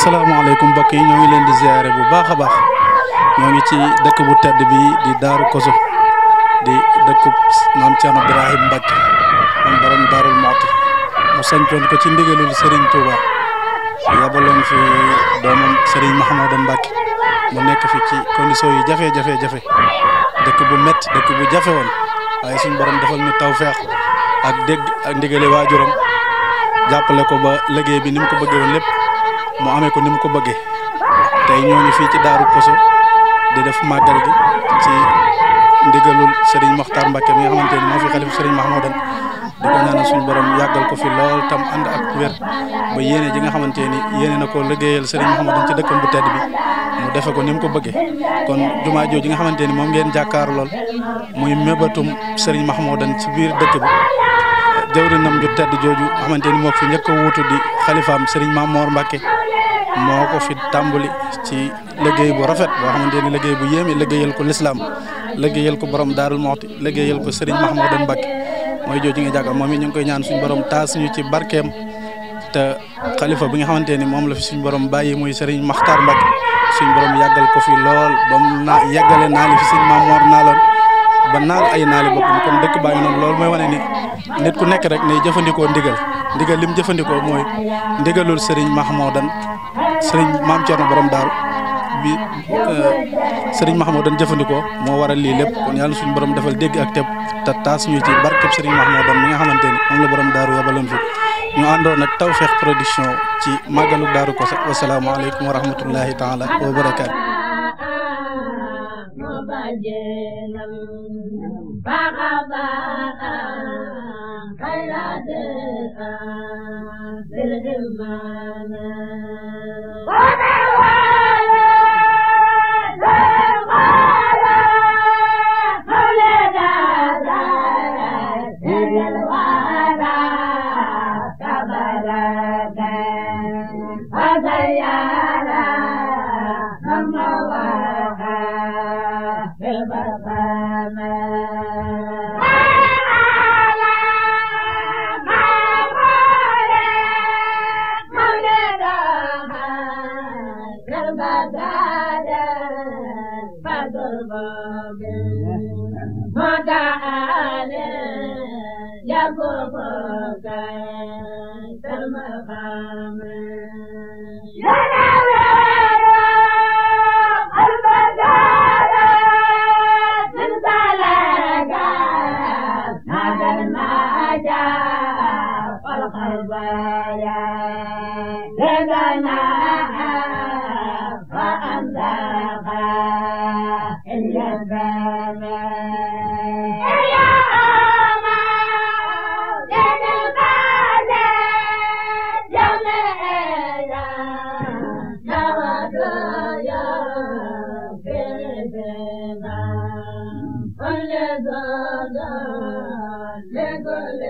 asalaamaaleykum mbokk yi ñoo ngi leen di ziare bu baax a baax ñoo ngi ci dëkk bu tedd bi di Daaru Koso di dëkku maam Thierno Ibrahim Mbacke moom borom Daarul mu sañcoon ko ci ndigalul Serigne Touba yabaloon fi doomam Serigne Mahamadou Mbacke mu nekk fi ci condition yi jafe-jafe jafe dëkk bu métti dëkk bu jafe woon waaye suñ borom defal ñu tawfeex ak dégg ak ndigale waajuram jàppale ko ba liggéey bi ni mu ko bëggee woon lépp. mu amee ko ni mu ko bëggee tey ñu ngi fii ci Daaru Koso di def màggal gi ci ndigalul Serigne Mokhtar Mbacke mi nga xamante ni moo fi xalifu Serigne Mahmoudan di ko ñaanal suñu borom yàggal ko fi lool tam ànd ak wér ba yéene ji nga xamante ni yéene na ko liggéeyal Serigne Mahmoudan ci dëkkam bu tedd bi mu defe ko ni mu ko bëggee kon jumaa jooju nga xamante ni moom ngeen jàkkaar lool muy mébatum Serigne Mahmoudan si biir dëkk bi jëwrinam ju tedd jooju xamante ni moo fi njëkk a di xalifaam Serigne Mamour Mbacke moo ko fi tàmbali ci léggéey bu rafet boo xamante ni liggéey bu yéeme liggéeyal ko lislaam liggéeyal ko borom Daarul Moxti liggéeyal ko Serigne Mahmoudou Mbacke mooy jooju nga jàkka moom it ñu ngi koy ñaan suñu borom taas ñu ci barkeem te xalifa bu nga xamante ni moom la fi suñu borom bàyyi mooy Serigne Makhtar Mbacke suñu borom yàggal ko fi lool ba mu naa naa li fi naa loon ba naal ay naali boppam kon dëkk baa ngi noonu loolu mooy wane ni nit ku nekk rek nay jëfandikoo ndigal ndigal lim jëfandikoo mooy ndigalul Serigne Mahmoudan Serigne maam Thierno borom daal bi euh, Serigne Mahmoudan jëfandikoo moo waral lii lépp kon yàlla suñu borom defal dégg ak teb te taas ñu ci barkeb Serigne Mahmoudan mi nga xamante ni moom la borom daaru yabaloon fi ñu àndoon ak Tawfekh Production ci màggalu Daaru Koso wasalaamaaleykum wa rahmatullahi taala wa barakaatu. bajenam baxa baxa xayrate a Legole, Legole,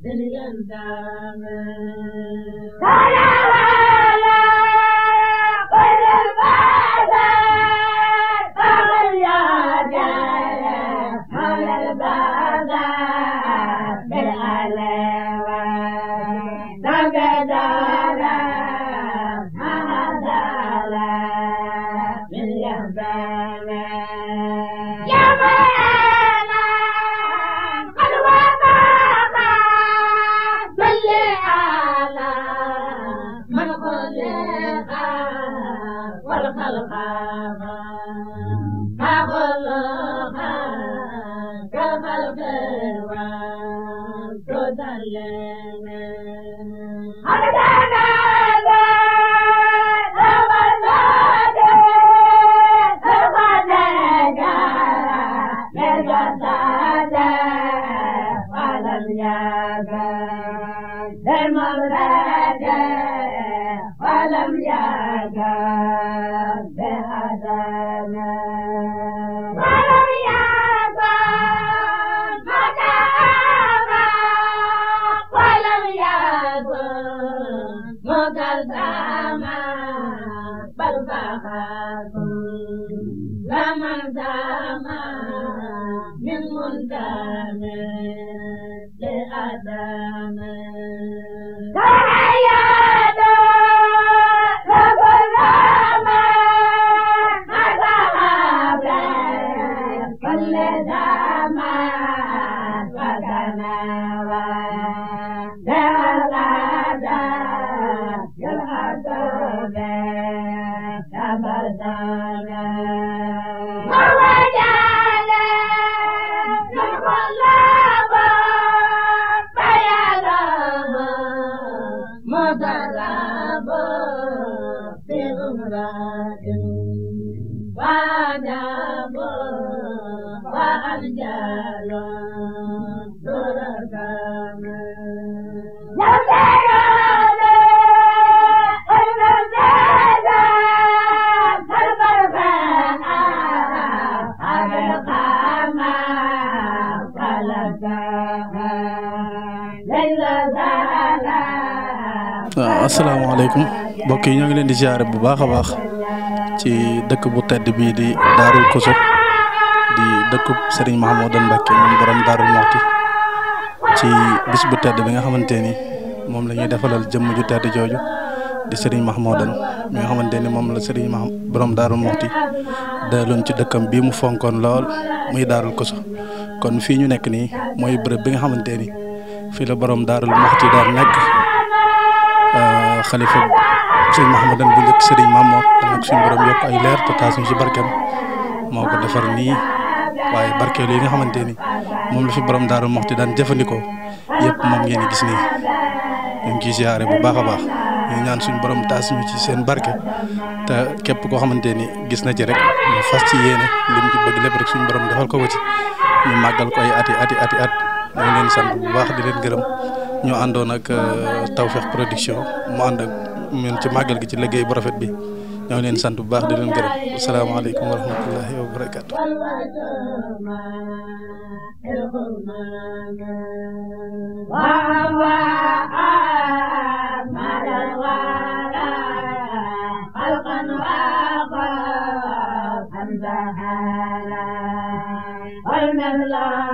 Legole, asalaamaaleykum mbokk yi ñoo ngi leen di ziare bu baax a baax ci dëkk bu tedd bii di Daarul Koso di dëkkub Serigne Mahamadou Mbacke moom borom Daarul Moxti ci bis bu bi nga xamante ni moom la ñuy defalal jëmm ju tedd jooju di Serigne Mahamadou mi nga xamante ni moom la Serigne ma borom Daarul Moxti daloon ci dëkkam bii mu fonkoon lool muy Daarul Koso kon fii ñu nekk nii mooy bërëb bi nga xamante ni fii la borom Daarul Moxti daan nekk. xalifa sëñ Mahamadan bu njëkk sëriñ Mamor nag suñu borom yokk ay leer te taas ñu ci barkeem moo ko defar nii waaye barkeelu yi nga xamante ni moom la fi borom Daaru Muxti daan jëfandikoo yëpp moom ngeen di gis nii ñu ngi ciy siyaare bu baax a baax ñu ñaan suñu borom taas ñu ci seen barke te képp koo xamante ni gis na ci rek ñu fas ci yéene li mu ci bëgg rek suñ borom defal ko ko ci ñu màggal ko ay ati ati at ñu leen sant bu baax di leen gërëm. ñoo àndoon ak euh, Tawfekh Production mu ànd ak ci màggal gi ci liggéey bu rafet bi ñoo leen sant bu baax di leen gërëm asalaamaaleykum wa rahmatullahi wa barakaatu. la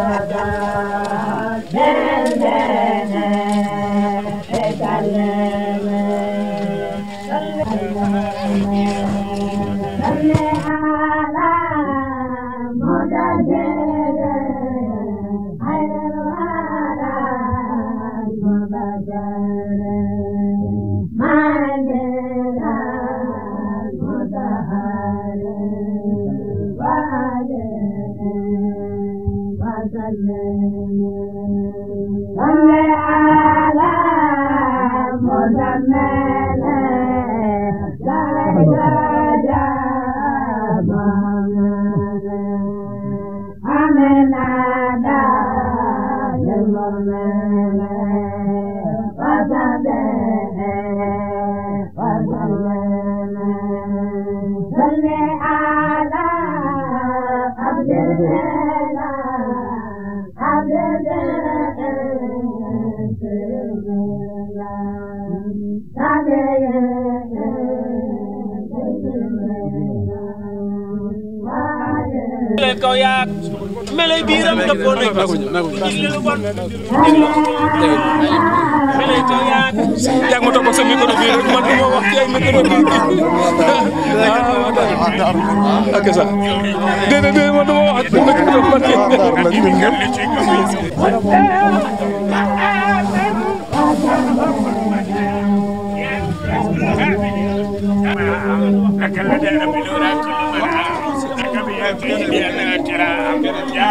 kaw yaak melay biiram dëppoo nañ ko diglu lu bon diglu melay kaw yaak yaa ma topp ak sa micro bi rek man dama wax ci ay micro bi ak sax déedéet déedéet man dama wax ak micro bi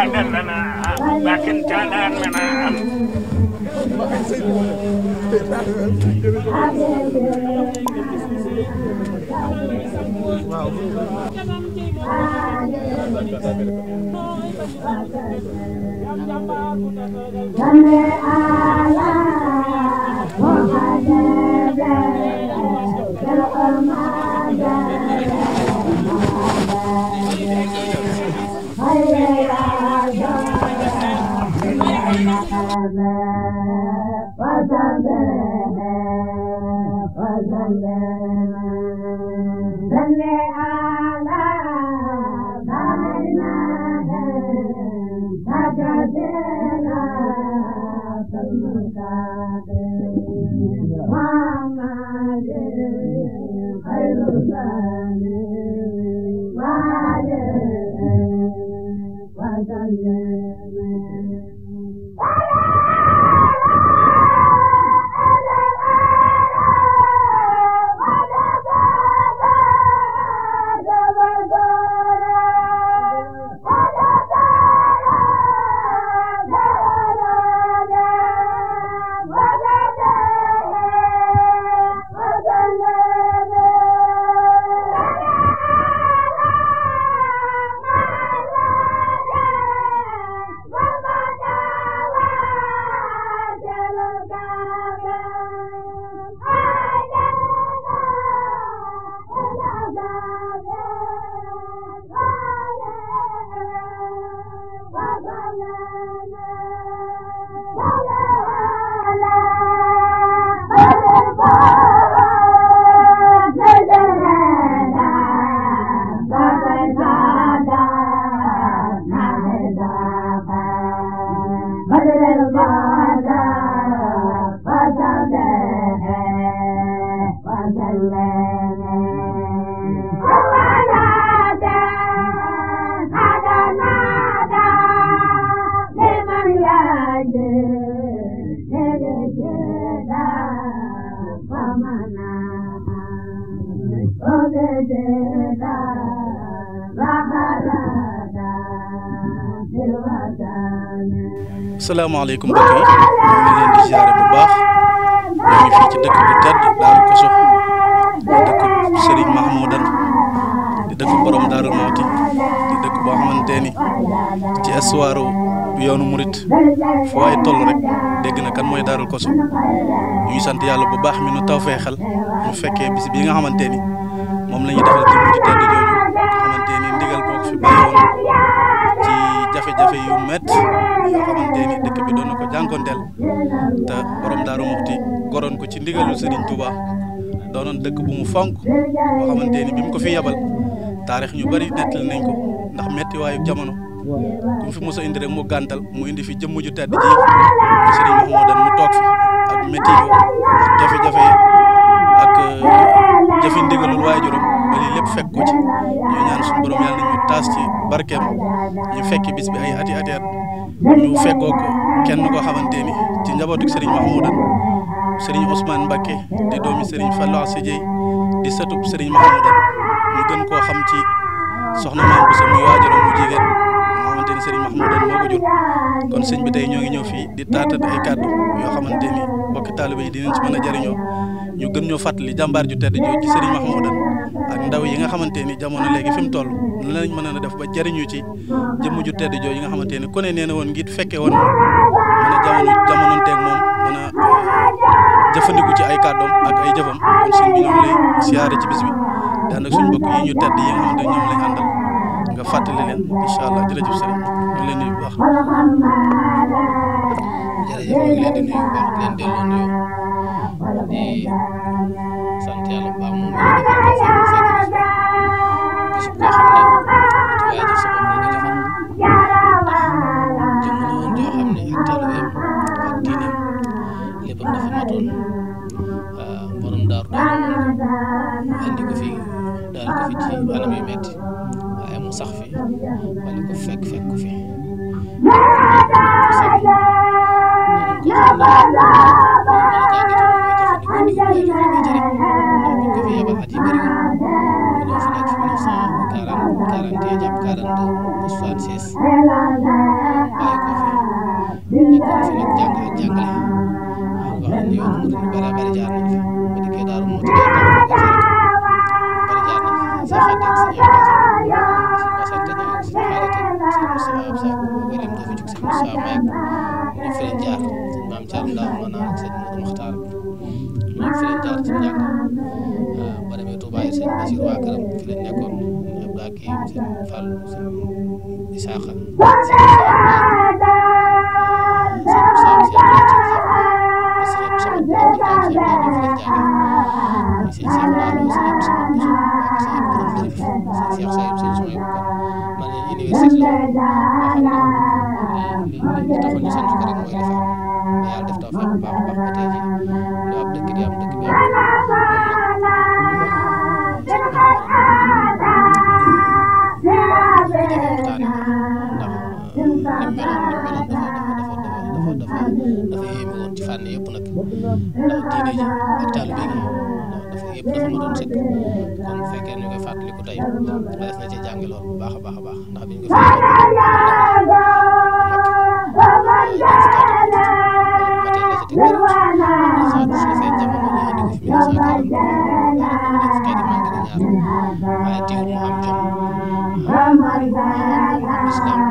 تعال لنا لكن تعال لنا Thank you. Vasandana, Vasandana, Vasandana. asalaamaaleykum mbokk yi ñu ngi leen di ziare bu baax ñu ngi fii ci dëkk bu tedd Daaru Koso di dëkk Serigne Mahmoudan di dëkk borom Daaru Mawti di dëkk boo xamante ni ci histoire yoonu murit foo ay toll rek dégg na kan mooy Daaru Koso ñu ngi sant yàlla bu baax mi nu xel mu fekkee bis bi nga xamante ni moom la ñuy defal ci bu tedd jooju xamante ni ndigal boo fi bàyyi woon jafe-jafe yu met yoo xamante ni dëkk bi doon na ko jànkonteel te borom Daaru Muxti goroon ko ci ndigalul Serigne Touba doonoon dëkk bu mu fonk boo xamante ni bi mu ko fi yabal taarix ñu bari nettali nañ ko ndax mettiwaayu jamono ku mu fi mos indi rek mu gàntal mu indi fi jëmm ju tedd ji mu Serigne Mahmoudan mu toog fi ak metti yo ak jafe-jafe ak jëfi ndigalul waajuram ba lii lépp fekk ko ci ñoo ñaan suñu borom yàlla nañu taas ci barkeem ñu fekki bis bi ay ati ati at ñu fekkoog kenn koo xamante ni ci njabootu Serigne Mahmoudan Serigne Ousmane Mbacké di doomi Serigne Fallou Assidie di sëtub Serigne Mahmoudan ñu gën koo xam ci soxna maam bu sama waajuram mu jigéen moo moo ko jur kon sëñ bi tey ñoo ngi ñëw fii di taatat ay kàddu yoo xamante ni bokki taalibe yi dinañ ci mën a jariñoo ñu gën ñoo fàttali jàmbaar ju tedd jooju ci Serigne Mahmoudan ak ndaw yi nga xamante ni jamono léegi fi mu toll lan lañ mën a def ba jëriñu ci jëmm ju tedd joo yi nga xamante ni ku ne nee na woon ngir fekke woon mën a jamono a euh, jëfandiku ci ay kàddoom ak ay ci bis nga fàttali leen incha allah jërëjëf sëriñ ñu leen nuyu bu ñu baax yàlla bu baax moom moo ñu defal tawfeex mu fekk ñu fi bis boo xam ne waaye sa bopp nga defal ndax jëmm la woon joo xam ne ak taalibeem ak diineem léppam dafa matoon ah, borom daaru daal andi ko fi daal ko fi ci anam yu metti waaye mu sax fi wala ko fekk fekk ko fi ko fi yebal at yi bëriwul ñoo fi nekk 1940 41 jàpp 42 ba 76 bàyyi ko fi nekkoon fi nag jàng ak jàngale waaw wax nañ yoonu mu dund bare bare jaar nañ fi ba dikkee daaru moo ci jaar nañ ko bare jaar nañ fi sa xarit ak sa yow sa basante ñoo ak sa xarit ak sa Moussa Absa ba bëri mu dafa jug sa Moussa Mayek ñoo fi leen jaar sëñ maam Thiar Ndao ma naan ak sëñ Modou Makhtar ñoo fi leen jaar ci njàng sëñ Basiir waa këram fi la nekkoon sëñ Ablaaki sëñ Fàllu sëñ Isaaxa waaw xam naa li li li taxoon ñu sant ko rek mooy dafa yàlla def taw feex bu baax a baax ba tey jii dëkk bi am dëkk bi am ndax diine ji ak taalibe gi dafa yëpp dafa ma doon sëkk kon bu fekkee ñu koy fàttali ko tey des na ci lool bu baax a baax a baax ndax biñ ko fi waaye teewul mu am jom islam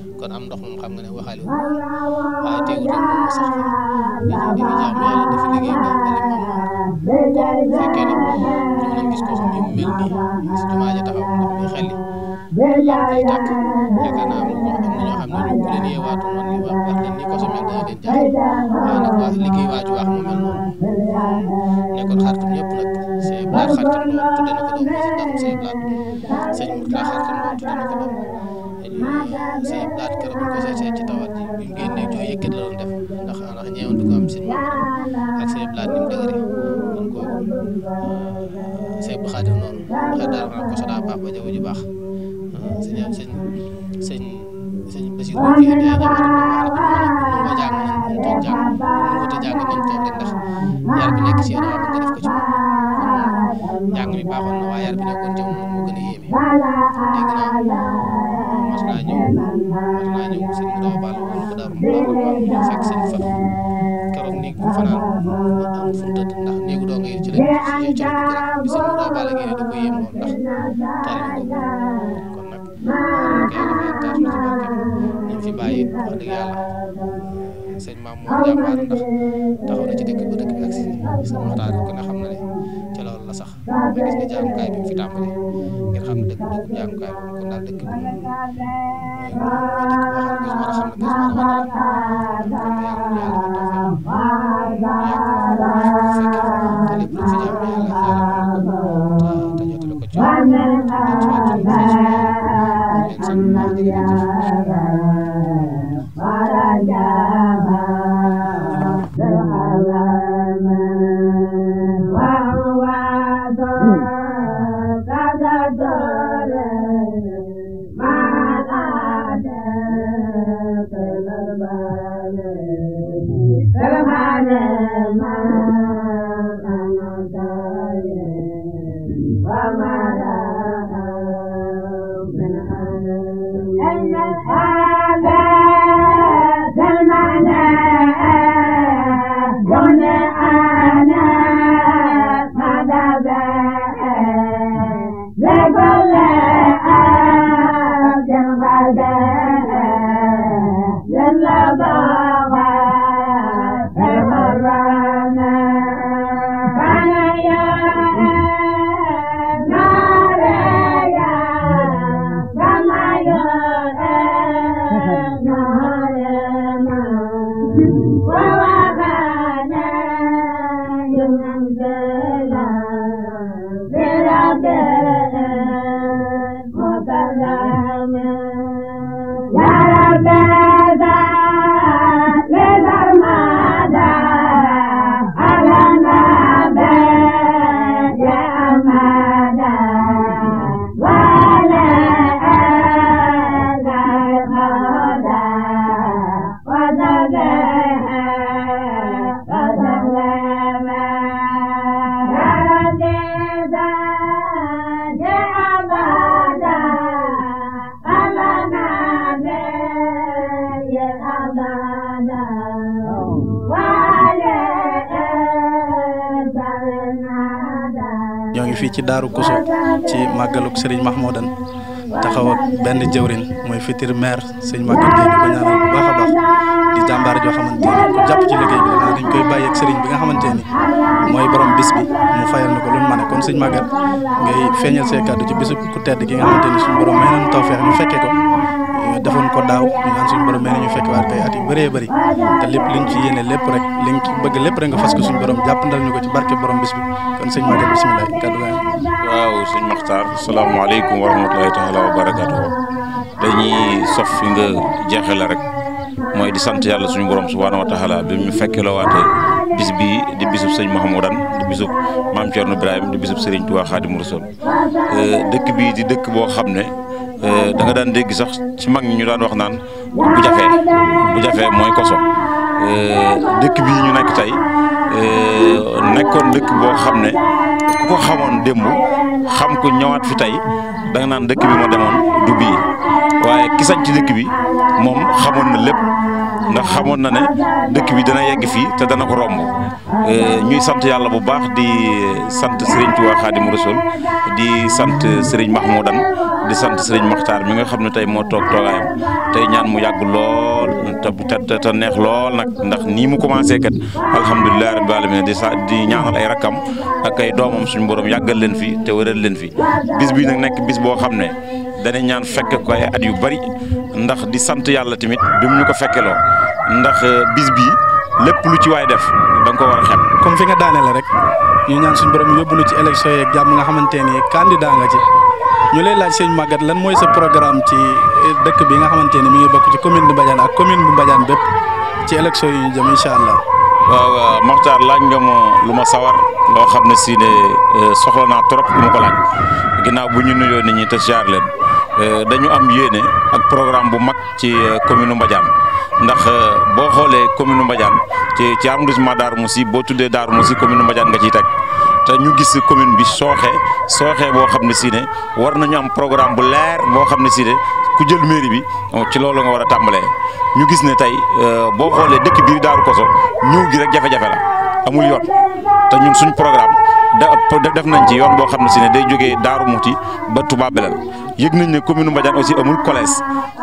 kon am ndox moom xam nga ne waxaale wu waaye teewul rek moom sax di di jaam yàlla dafa liggéey nga xam ne moom bu fekkee ne ñu mën a gis ko ni mu mel nii gis jumaa ja taxaw ndox mi xel li lamp yi tàkk yaakaar naa am na ñoo xam ne ñu bu leen yeewaatu man li wax wax leen ni ko semaine dana leen jaaxal waaye nag waa liggéey waa ju wax mu mel noonu nekkoon xaritam yëpp nag sëñ Blaat xaritam loolu tudde na ko doom sëñ Blaat sëñ Murtala xaritam loolu tudde na ko doom seen laat kër bu ko seet ci tawat ji bi mu génnee jooy yëkkat la def ndax ndax ñeewoon du ko am sin ak seen laat ni mu dëgëre kon kooku euh, seen bu xaadim noonu xëy daal maa ko sodaa baax ba jaww ji baax sëñ sëñ sëñ sëñ Basiru kii day ñëwaat ma jàng nañ mu toog jàng mu wut a jàng nañ toog rek ndax yar bi nekk si yow nga def ko ci moom kon baaxoon na waaye yar bi nekkoon ci moom moo gën a yéeme dégg ñëw war naa ñëw sëñ bi daaw baal wala ko daaw baal ñëw fekk fa keroog néeg mu tëdd ndax néegu doo nga yi ci lañ ci ci lañ ko bi sëñ bi daaw baal ngeen ne da koy yéem lool ndax taalibe boobu kon nag yàlla may taas na ci barke ñu fi bàyyi wax dëgg yàlla sëñ maam moo jàmbaar ndax taxaw na ci dëkk ba dëkk bi si sëñ waxtaan ko ne xam na ne la sax mais gis nga jàngukaay bi mu fi tàmbali ngeen xam ne dëkk dëkk jàngukaay boobu kon daal dëkk bi moom mooy dëkk boo xam ne màggaluk Serigne Mahmoudan taxaw ak benn jëwrin mooy futur maire sëñ Maguette Gueye di ko ñaanal bu baax a baax di jàmbaar joo xamante ni ku jàpp ci liggéey bi daanaka dañ koy bàyyi nga xamante ni mooy borom bis bi mu fayal na ko lu mu kon sëñ Maguette ngay feeñal say kàddu ci bisu ku tedd gi nga xamante ni borom may nañu tawfeex ñu fekkee ko euh, defoon ko daaw ñu naan suñu borom may nañu fekk waat kay at yu bëree bëri te lépp liñ ci yéene lépp rek liñ ci bëgg lépp rek nga fas ko suñu borom jàppandal ñu ko ci barke borom bi waaw sëñ Maxtaar salaamaaleykum wa rahmatulahi wa barakaatu dañuy sof fi nga jeexe la rek mooy di sant yàlla suñu borom subhaana wa taala bi mu fekke la waatee bis bii di bisub sëñ Mahmoudan di bisub maam Thierno Ibrahima di bisub Serigne Touba Xaadimu Rasuul euh, dëkk bi di dëkk boo xam ne euh, danga nga daan dégg sax ci mag ñi ñu daan wax naan bu jafee bu jafee mooy koso euh, dëkk bi ñu nekk tey nekkoon dëkk boo xam ne ku xamoon démb xam ko ñëwaat fi tey da nga naan dëkk bi ma demoon du bii waaye ki sañ ci dëkk bi moom xamoon na lépp ndax xamoon na ne dëkk bi dana yegg fii te dana ko romb eh, ñuy sant yàlla bu baax di sant Serigne Touba Khadim Rasoul di sant Serigne Mahmoudan di sant Serigne Makhtar mi nga xam ne tey moo toog toogaayam tey ñaan mu yàgg lool te te te neex lool nag ndax nii mu commencé kat alhamdulilah rabbil alamin di sa di ñaanal ay rakkam ak ay doomam suñu borom yàggal leen fi te wëral leen fi bis bi nag nekk bis boo xam ne danañ ñaan fekk ko ay at yu bari ndax di sant yàlla tamit bi mu ñu ko fekkeloo ndax euh, bis bi lépp lu ci waay def da ko war a xeeb. comme fi nga daaneel rek ñu ñaan suñu borom yóbbu lu ci élection yeeg jàmm nga xamante ni candidat nga ci. ñu lay laaj sëñ Maguette lan mooy sa programme ci dëkk bi nga xamante ni mi ngi bokk ci commune bu Mbadiane ak commune bu Mbadiane bépp ci élection yi ñu jëm allah. waaw Mokhtar laaj nga ma lu ma sawar loo xam ne si ne euh, soxla naa trop lu ma ko laaj ginnaaw bu ñu nuyoo nit ñi te jaar leen euh, dañu am yéene ak programme bu mag ci euh, commune Mbadiane ndax boo xoolee commune Mbadiane ci ci arrondissement Darou Moussi boo tuddee Darou Moussi commune Mbadiane nga ciy teg. te ñu gis commune bi sooxee sooxee boo xam ne si ne war nañu am programme bu leer boo xam ne si ne ku jël mairie bi ci loolu nga war a tàmbalee ñu gis ne tey euh, boo xoolee dëkk biir Daaru Koso ñu gi rek jafe-jafe la amul yoon te ñun suñ programme da def nañ ci yoon boo xam ne si ne day jógee Daaru Muti ba Touba Belel yëg nañ ne commune Mbadiane aussi amul collège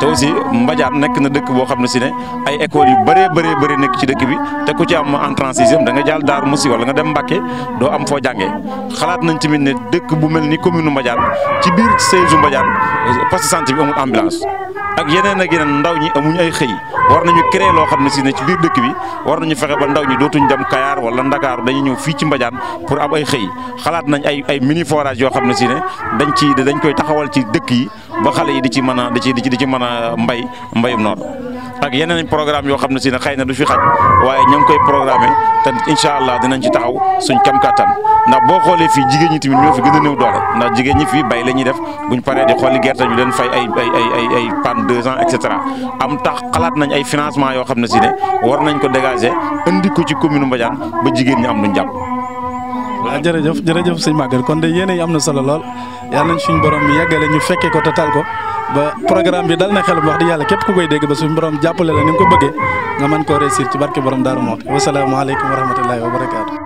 te aussi Mbadiane nekk na dëkk boo xam ne si ne ay école yu bëree bëree bëri nekk ci dëkk bi te ku ci am entrant sixième da nga jàll Darou Moussi wala nga dem Mbacké doo am foo jàngee xalaat nañ tamit ne dëkk bu mel ni commune Mbadiane ci biir siège Mbadiane poste santé bi amul ambulance ak yeneen ak yeneen ndaw ñi amuñu ay xëy war nañu créer loo xam ne si ne ci biir dëkk bi war nañu fexe ba ndaw ñi dootuñ dem Kayaar wala Ndakaaru dañuy ñëw fii ci Mbadiane pour am ay xëy xalaat nañ ay ay mini forage yoo xam ne si ne dañ ci dañ koy taxawal ci dëkk yi ba xale yi di ci mën a di ci di ci mën a mbay mbayum noor ak yeneen programme yoo xam ne si ne xëy na du fi xaj waaye ñoo ngi koy programmé te incha allah dinañ ci taxaw suñ kam kattan ndax boo xoolee fii jigéen ñi tamit ñoo fi gën a néew doole ndax jigéen ñi fii bay la ñuy def buñ paree di xooli gerte ñu leen fay ay ay ay ay pan deux ans et cetera am tax xalaat nañ ay financement yoo xam ne si ne war nañ ko dégager indi ko ci commune Mbadiane ba jigéen ñi am luñ jàpp waaw jërëjëf jërëjëf sëñ Maguette kon de yéen yi am na solo lool yàlla nañ suñu borom yàggale ñu fekke ko total ko ba programme bi dal na xel wax di yàlla képp ku koy dégg ba suñu borom jàppale la ni nga ko bëggee nga mën koo réussir ci barke borom Darou Mouhty wasalaamaaleykum wa rahmatullahi wa barakaatu.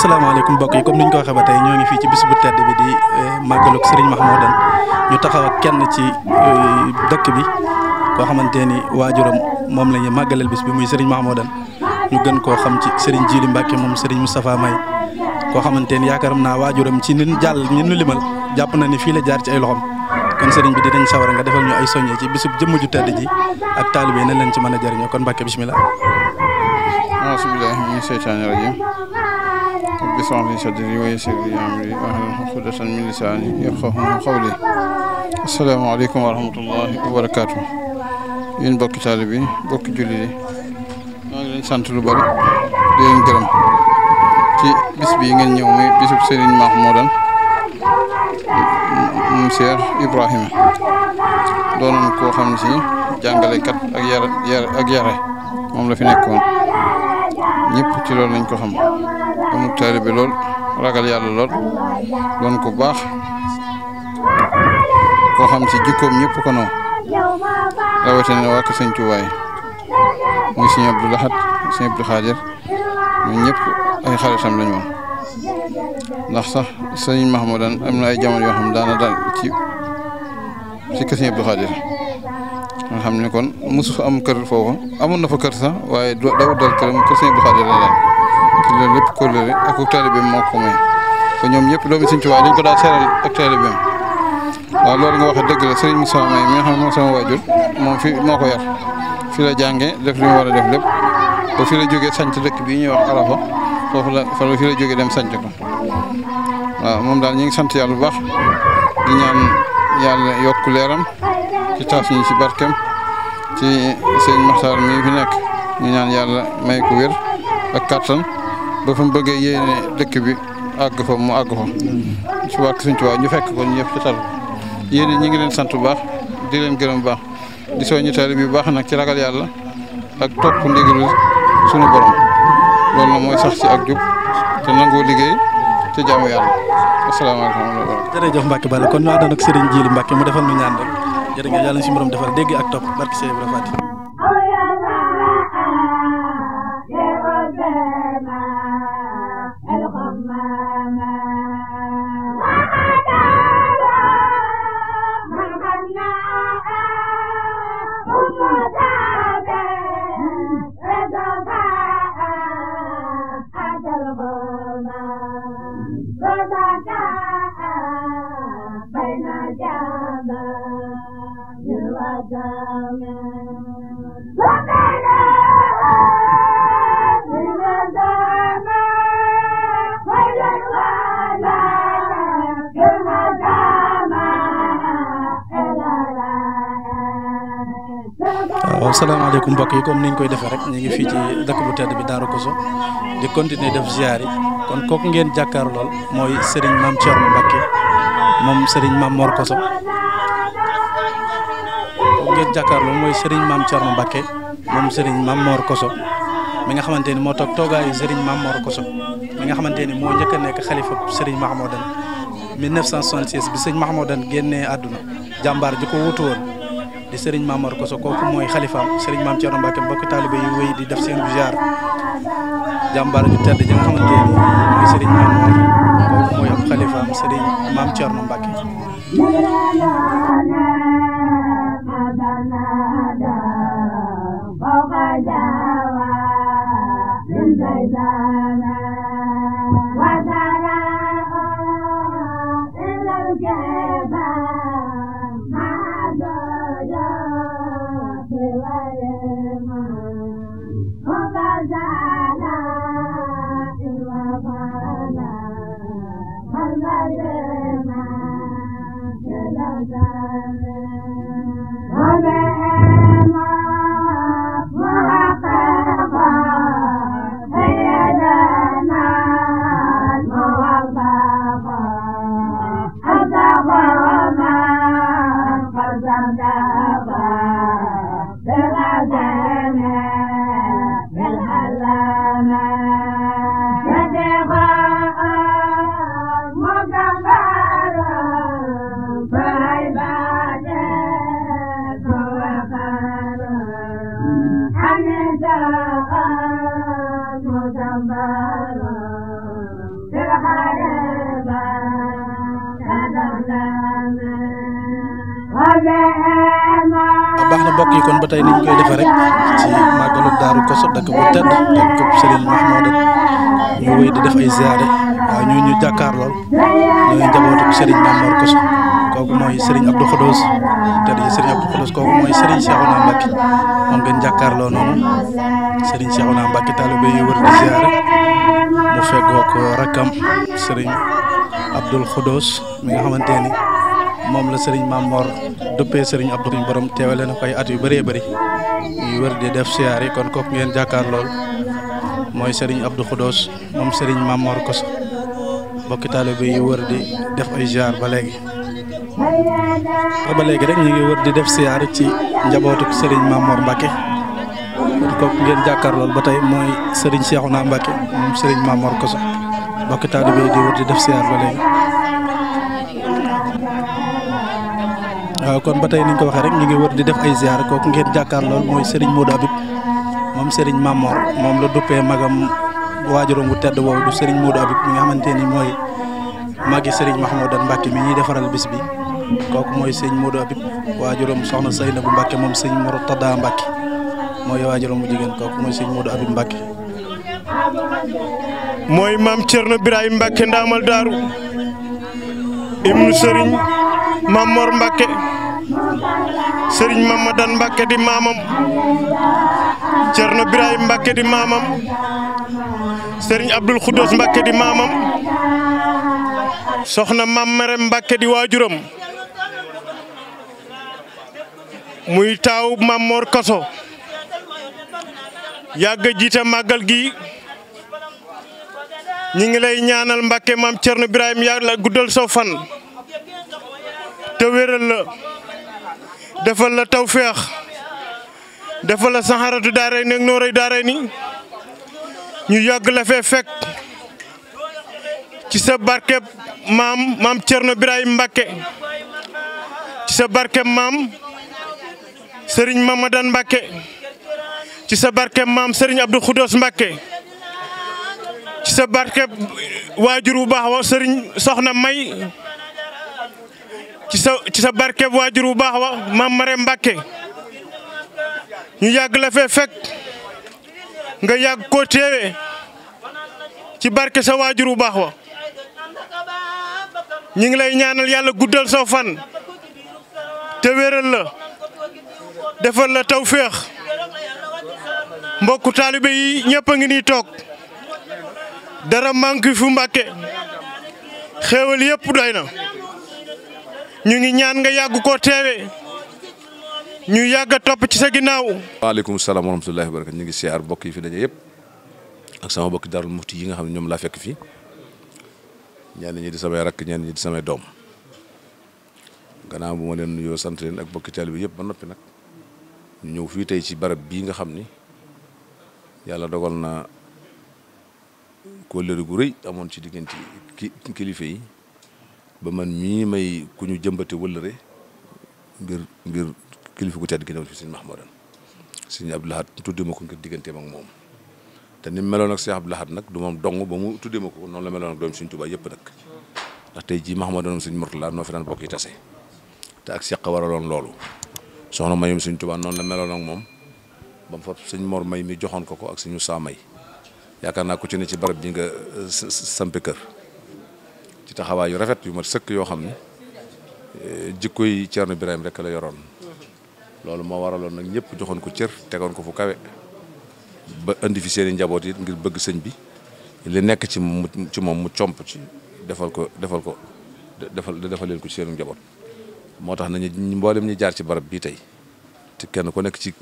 asalaamaaleykum mbokk yi comme ni ñu ko waxee ba tey ñoo ngi fii ci bis bu tedd bi di eh, màggalug Serigne Mahmoudan ñu taxaw kenn ci eh, dëkk bi koo xamante ni waajuram moom la ñuy màggalal bis bi muy Serigne Mahmoudan ñu gën koo xam ci Serigne Djily Mbacke moom Serigne Moustapha May koo xamante ni yaakaaram naa waajuram ci nin jàll ñun limal jàpp na ni fii la jaar ci ay loxom kon Serigne bi dinañ sawar nga defal ñu ay soññe ci bisub jëmm ju tedd ji ak taalibe yi leen ci mën a jëriñoo kon Mbacke bismillah. a'uuzu billaahi mina shaytaani rajiim rabbi ishrah li sadri wa yassir li amri wahlul uqdatan min lisani yafqahu qawli asalaamaaleykum wa rahmatullahi wa barakaatu yéen bokki taalibe bi bokki jullit yi maa ngi sant lu bari di leen gërëm ci bis bii ngeen ñëw muy bisub Serigne Mahmoudan moom Cheikh Ibrahima doonoon koo xam si jàngalekat ak ak yare moom la fi nekkoon ñëpp ci loolu lañ ko xam amul bi lool ragal yàlla lool doon ku baax koo xam ci jikkoom ñëpp kono noonu rawatina waa Kër Sëñ Tuubaa muy sëñ Abdu Lahat sëñ Abdu Xaadir ñun ñëpp ay xaritam lañ woon ndax sax sëñ Mahmoudan am na ay jamono yoo xam daana daan ci ci Kër Sëñ Abdu Xaadir nga xam ne kon mosu fa am kër foofu amoon na fa kër sax waaye dawul dal këram kër sëñ bu Xaadir la daal te loolu lépp kóllëre ak ak taalibeem moo ko may ñoom ñëpp doomi sëñ Tuubaa dañ ko daal seeral ak taalibeem waaw loolu nga wax dëgg la sëriñ Moussa May mi nga xam ne moom sama waajur moom fi moo ko yar fi la jàngee def li mu war a def lépp ba fi la jógee sanc dëkk bii ñuy wax Arafa foofu la fa la fi la jógee dem sanc ko waaw moom daal ñu ngi sant yàlla bu baax di ñaan yàlla yokk leeram ci taas ñu ci barkem ci seen Maxtaar mi fi nekk ñu ñaan yàlla may ko wér ak kattan ba fa mu bëggee yéene dëkk bi àgg fa mu àgg fa ci barke Sëñ Tuubaa ñu fekk ko ñu ñëpp ci tal yéen ñi ngi leen sant bu baax di leen gërëm bu baax di ñu taali bi bu baax nag ci ragal yàlla ak topp ndigalu sunu borom loolu nag mooy sax ci ak jub te nangoo liggéey te jaamu yàlla asalaamaaleykum wa rahmatulah. jërëjëf kon ñu àndoon ak Serigne Djily Mbacke mu defal nu ñaan rek. jërë ngeen yàlla na si dégg ak topp barki Sëriñ Ibra asalaamaaleykum mbokk yi ni niñ koy defee rek ñu ngi fii ci dëkk bu tedd bi Darou Koso di continuer def ziar yi kon kooku ngeen jàkkaar lool mooy Serigne Mame Thierno Mbacké moom Serigne Mame Mor Koso kooku ngeen jàkkaar lool mooy Serigne Mame Thierno Mbacké moom Serigne Mame Mor Koso mi nga xamante ni moo toog toogaayu Serigne Mame Mor Koso mi nga xamante ni moo njëkk a nekk xalifa Serigne Mahmoudan 1966 bi sëñ Mahmoudan génnee àdduna jàmbaar ji ko wutu woon di sëriñ Mamor Koso kooku mooy xalifaam sëriñ Maam Thierno Mbacke mbokk taalibe yi wéy di def seen jaar jàmbaar ju tedd ji nga xamante ne mooy sëriñ Mamor kooku mooy am xalifaam sëriñ Maam Thierno Mbacke mbokk yi kon ba tey niñ koy defee rek ci màggalu daaru Koso dëkk bu tedd dëkk Serigne Mahmoudou ñu wéy di def ay ziare waaw ñu ñu jàkkaarlool ñooy mooy Serigne Abdou Khodos te di Serigne Abdou Khodos kooku mooy noonu Serigne Cheikhouna Mbacké taalibe yi wër di ziare mu feggoo ko rakkam Serigne Abdou Khodos mi nga xamante moom la sëriñ Mamor. duppee Serigne Abdou Karim borom teewale na ko at yu bëree bëri ñuy wër di def siyaar yi kon kooku ngeen jàkkaar lool mooy sëriñ Abdou Khoudous moom Serigne Mamor Koso bokki taalibe yi wër di def ay ziar ba léegi ba rek ñu ngi wër di def siyaar ci njabootu Serigne Mamor Mbacke kon kooku ngeen jàkkaar lool ba tey mooy Serigne Cheikhouna Mbacke moom Serigne Mamor Koso bokki taalibe yi di wër di def siyaar ba léegi. kon ba tey ni ñu ko waxee rek ñu ngi wër di def ay ziar kooku ngeen jàkkaar lool mooy Serigne Modou Habib moom Serigne Mamor moom la duppee magam bu tedd boobu du Serigne Modou Habib mi nga xamante ni mooy magi Serigne Mahmoudan Mbacke mi ñuy defaral bis bi mooy Serigne Modou Habib waajuram soxna Seyna bu Mbacke moom Serigne Mourtada Mbacke mooy waajuram bu jigéen kooku mooy Serigne Modou Habib Mbacke. mooy maam Thierno Birahim Mbacke ndaamal daaru ibnu Serigne Mamor Mbacke. sëriñ Mamadan Mbàkke di maamam Cerno Birahim Mbàkke di maamam sëriñ Abdul Xuddos Mbàkke di maamam soxna Mam Merem Mbàkke di waajuram muy taaw Mamor Koso yàgg jiite màggal gi ñi ngi lay ñaanal Mbàkke maam Cerno Birahim yàlla guddal soo fan te wéral la defal la tawfeex defal la saxaratu daaray nekk nooray daaray ni ñu yàgg la fee fekk ci sa barkeb maam maam Thierno Birahim Mbakke ci sa barkeb maam Serigne Mamadane Mbakke ci sa barkeb maam Serigne Abdou Khoudos Mbakke ci sa barkeb waajur bu baax wa Serigne Soxna May. ci sa ci sa barke waajur bu baax wa maam Mare Mbàkke ñu yàgg la fee fekk nga yàgg koo teewee ci barke sa waajur bu baax wa ñu ngi lay ñaanal yàlla guddal saw fan te wéral la defal la tawféex féex mbokku taalibe yi ñëpp a ngi ni toog dara manque fu Mbàkke xéewal yëpp doy na ñu ngi ñaan nga yàgg koo teewe ñu yàgg a topp ci sa ginnaaw. waaleykum salaam wa rahmatullahi wa ñu ngi siyaar mbokk yi fi daje yëpp ak sama mbokki Daarul Muxti yi nga xam ne ñoom laa fekk fi ñaan ñenn ñu di samay rakk ñenn ñi di samay doom gannaaw bu ma leen nuyoo sant leen ak mbokki taalibe bi yëpp ba noppi nag ñëw fii tey ci barab bii nga xam ni yàlla dogal na kóllëre gu rëy amoon ci diggante ki kilifa yi. ba man mii may ku ñu jëmbate wëllëre ngir ngir kilifa gu tedd gi ñëw fi sëñ Mahmoudan suñ Abdou Lahad tuddee ma ko ngir digganteem ak moom te ni mu meloon ak sëñ Abdou nag du moom dong ba mu tuddee ma ko noonu la meloon ak doomi sëñ yëpp nag ndax jii Mahmoudan sëñ Murtala noo fi daan bokk yi te ak seq waraloon loolu soxna Mayum sëñ noonu la meloon ak moom ba mu fa sëñ Mor May mi joxoon ko ko ak suñu saa may yaakaar naa ko ci ne ci barab bi nga sampi kër. ci taxawaay yu rafet yu mat sëkk yoo xam ne eh, jikko yi Thierno Birahim rek la yoroon loolu moo waraloon nag ñëpp joxoon ko cër tegoon ko fu kawe ba indi fi seen i njaboot yi ngir bëgg sëñ bi li nekk ci mu moom mu comp ci defal ko defal ko defal defal leen ko ci seen njaboot moo tax nañu mboolem ñu jaar ci barab bii tey te kenn ku nekk ci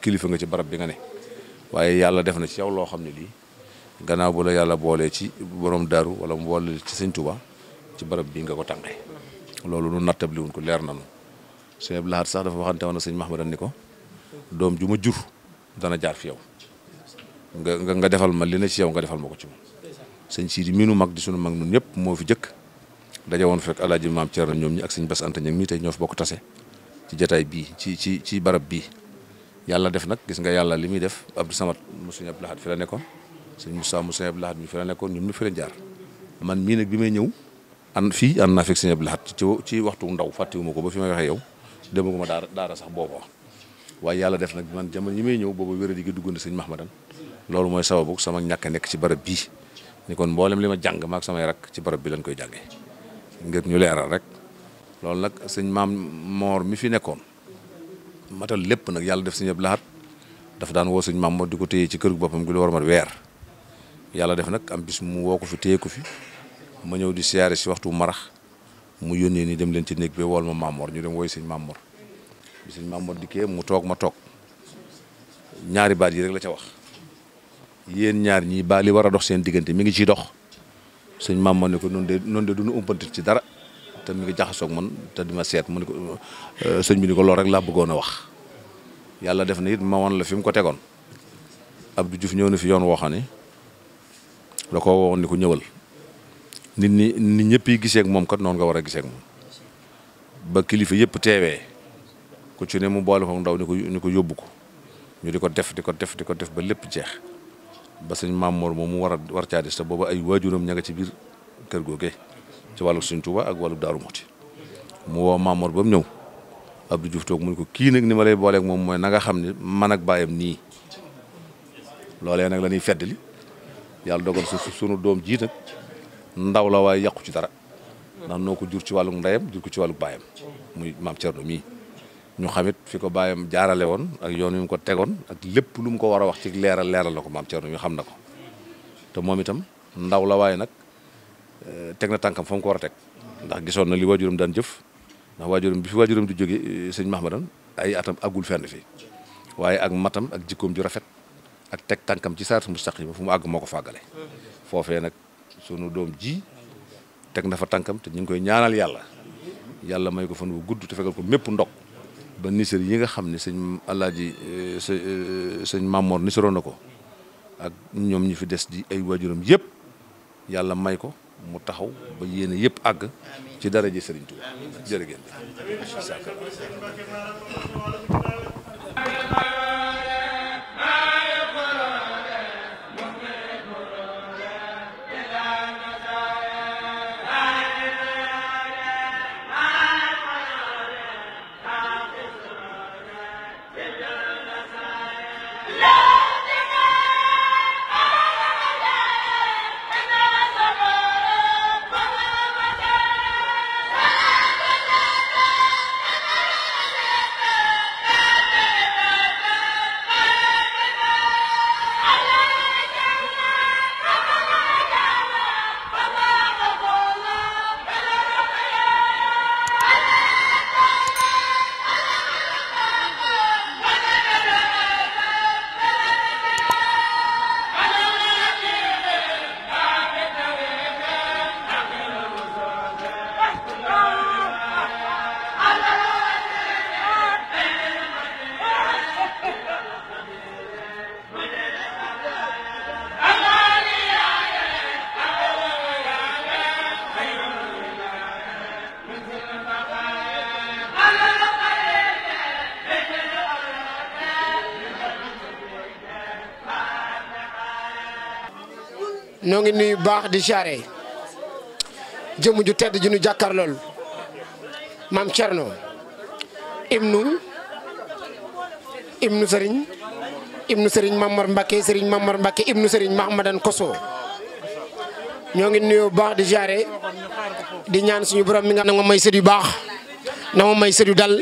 kilifa nga ci barab bi nga ne waaye yàlla def na ci yow loo xam ne lii gannaaw bu la yàlla boolee ci borom daaru wala mu ci sëñ ci barab bii nga ko tànkee loolu nu nattabli wuñ ko leer nañu sëñ Abdou Lahad sax dafa waxante woon na sëñ Mahmadan ni ko doom ju ma jur dana jaar fi yow nga nga defal ma li ne ci yow nga defal ma ko ci moom sëñ Sidi mag di sunu mag ñëpp moo fi jëkk daje woon fekk alaaji maam Cerno ñoom ñi ak sëñ Bass Anta ñag mii tey ñoo fi bokk tase ci jataay bii ci ci ci barab bii yàlla def nag gis nga yàlla li muy def Abdou Samad mu sëñ Abdou Lahad fi la nekkoon sëñ Moussa mu sëñ Abdou Lahad mi fi la nekkoon ñun ñu fi la jaar man mii nag bi may ñëw an fii ànd naa fekk sëñ Abdou Lahad ci ci waxtu ndaw fàttewuma ko ba fi may waxee yow demaguma daara daara sax boobu waaye yàlla def nag man jamono yi may ñëw boobu wéra di gi dugg na sëñ Mahmadan loolu mooy sababu sama ñàkk a nekk ci barab bii ni kon mboolem li ma jàng maak samay rak ci barab bi lañ koy jàngee ngir ñu leeral rek loolu nag sëñ maam moor mi fi nekkoon matal lépp nag yàlla def sëñ Abdou Lahad dafa daan woo sëñ maam moo di ko téye ci kër gu boppam gi war a mat weer yàlla def nag am bis ko fi téye ko ma ñëw di siyaare si waxtu marax mu yónnee nii dem leen ci néeg bi wool ma Mamor ñu dem woy sëñ Mamor bi sëñ Mamor dikkee mu toog ma toog ñaari baat yi rek la ca wax yéen ñaar ñi ba yi war a dox seen diggante mi ngi ciy dox sëñ Mamor ne ko noonu de noonu de du ñu ci dara te mu ngi jaxasoog man te di ma seet mu ne ko euh, sëñ bi ni ko lool rek laa bëggoon a wax yàlla def na it ma woon la fi mu ko tegoon Abdou Diouf ñëw na fi yoon woo da ko woon ko ñëwal nit ñi nit ñëpp yi gisee moom kat noonu nga war a gisee moom ba kilifa yëpp teewee ku ci ne mu boole ko ndaw ni ko ni ko yóbbu ko ñu di ko def di ko def ba lépp jeex ba sëñ Mamour moom mu war a war caa des te booba ay waajuram ña nga ci biir kër googe ci wàllu Sëñ Tuubaa ak wàllu Daaru mu woo Mamour ba mu ñëw ab Diouf toog mu ne ko kii nag ni ma lay booleeg moom mooy na nga xam ne man ak baayam nii loole nag la ñuy feddali yàlla dogal su sunu doom ji nag ndaw la waaye yàqu ci dara ndax noo ko jur ci wàllu ndeyam jur ko ci wàllu baayam muy maam Thierno mii ñu xamit fi ko baayam jaarale woon ak yoon yu mu ko tegoon ak lépp lu mu ko war a wax ci leeral leeral na ko maam Thierno mii xam na ko te moom itam ndaw la waaye nag eh, teg na tànkam fa mu ko war a teg ndax gisoon na li waajuram daan jëf ndax waajuram bi fi waajuram di jóge eh, sëñ Mahamadan ay atam agul fenn fi waaye ak matam ak jikkoom ju rafet ak teg tànkam ci sarat mustaqima fu mu àgg moo ko fàggale foofee nag sunu doom ji teg na fa tànkam te ñu ngi koy ñaanal yàlla yàlla may ko fan wu gudd te fegal ko mépp ndog ba nisër yi nga xam ne sëñ alaaji eh, eh, sëñ Mamor nisëroon na ko ak ñoom ñu fi des di ay waajuram yëpp yàlla may ko mu taxaw ba yéene yëpp àgg ci dara ji Sëriñ Tuuba jërë ngeen noo ngi nuyu baax di siyaare jëmm ju tedd ju nu jàkkaar lool maam Thierno ibnu ibnu sëriñ ibnu sëriñ Mamar Mbacke sëriñ Mamar Mbacke ibnu sëriñ Mahamadan Koso ñoo ngi nuyu baax di siyaare di ñaan suñu borom mi nga na ma may sët yu baax na ma may sët yu dal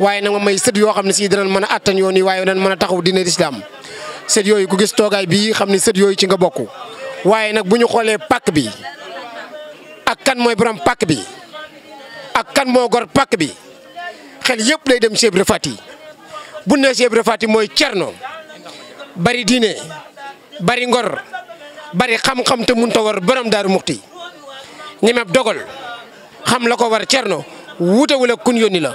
waaye na ma may sët yoo xam ne si danañ mën a attan yoon yi waaye danañ mën a taxaw diine lislaam sët yooyu ku gis toogaay bii xam ne sët yooyu ci nga bokk waaye nag bu ñu xoolee pàkk bi ak kan mooy borom pàkk bi ak kan moo gor pàkk bi xel yëpp lay dem Cheikh Ibra Fati bu ne Cheikh Ibra Fati mooy cerno bari diine bari ngor bari xam-xam te mënut a war borom daaru muxti ñemeb dogal xam la ko war cerno wuute wala kun yónni la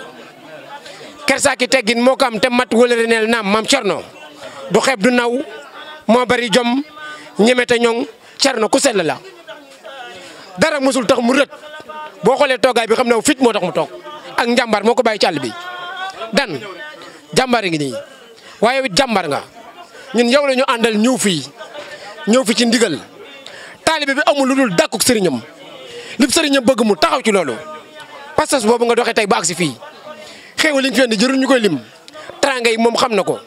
kersaaki teggin moo ko am te mat wala reneel naam maam cerno du xeeb du naw moo bari jom ñeme te ñoŋ Cerno ku sell la dara mosul tax mu rët boo xoolee toogaay bi xam ne fit moo tax mu toog ak njàmbaar moo ko bàyyi ci àll bi dan jàmbaar ngi nii waaye it jàmbaar nga ñun yow la ñu àndal ñëw fii ñëw fi ci ndigal taalibe bi amul lu dul dàkkuk sëriñam li sëriñam bëgg mu taxaw ci loolu pastas boobu nga doxee tey ba aksi fii xéewal li ñu fi indi koy lim teraanga moom xam na ko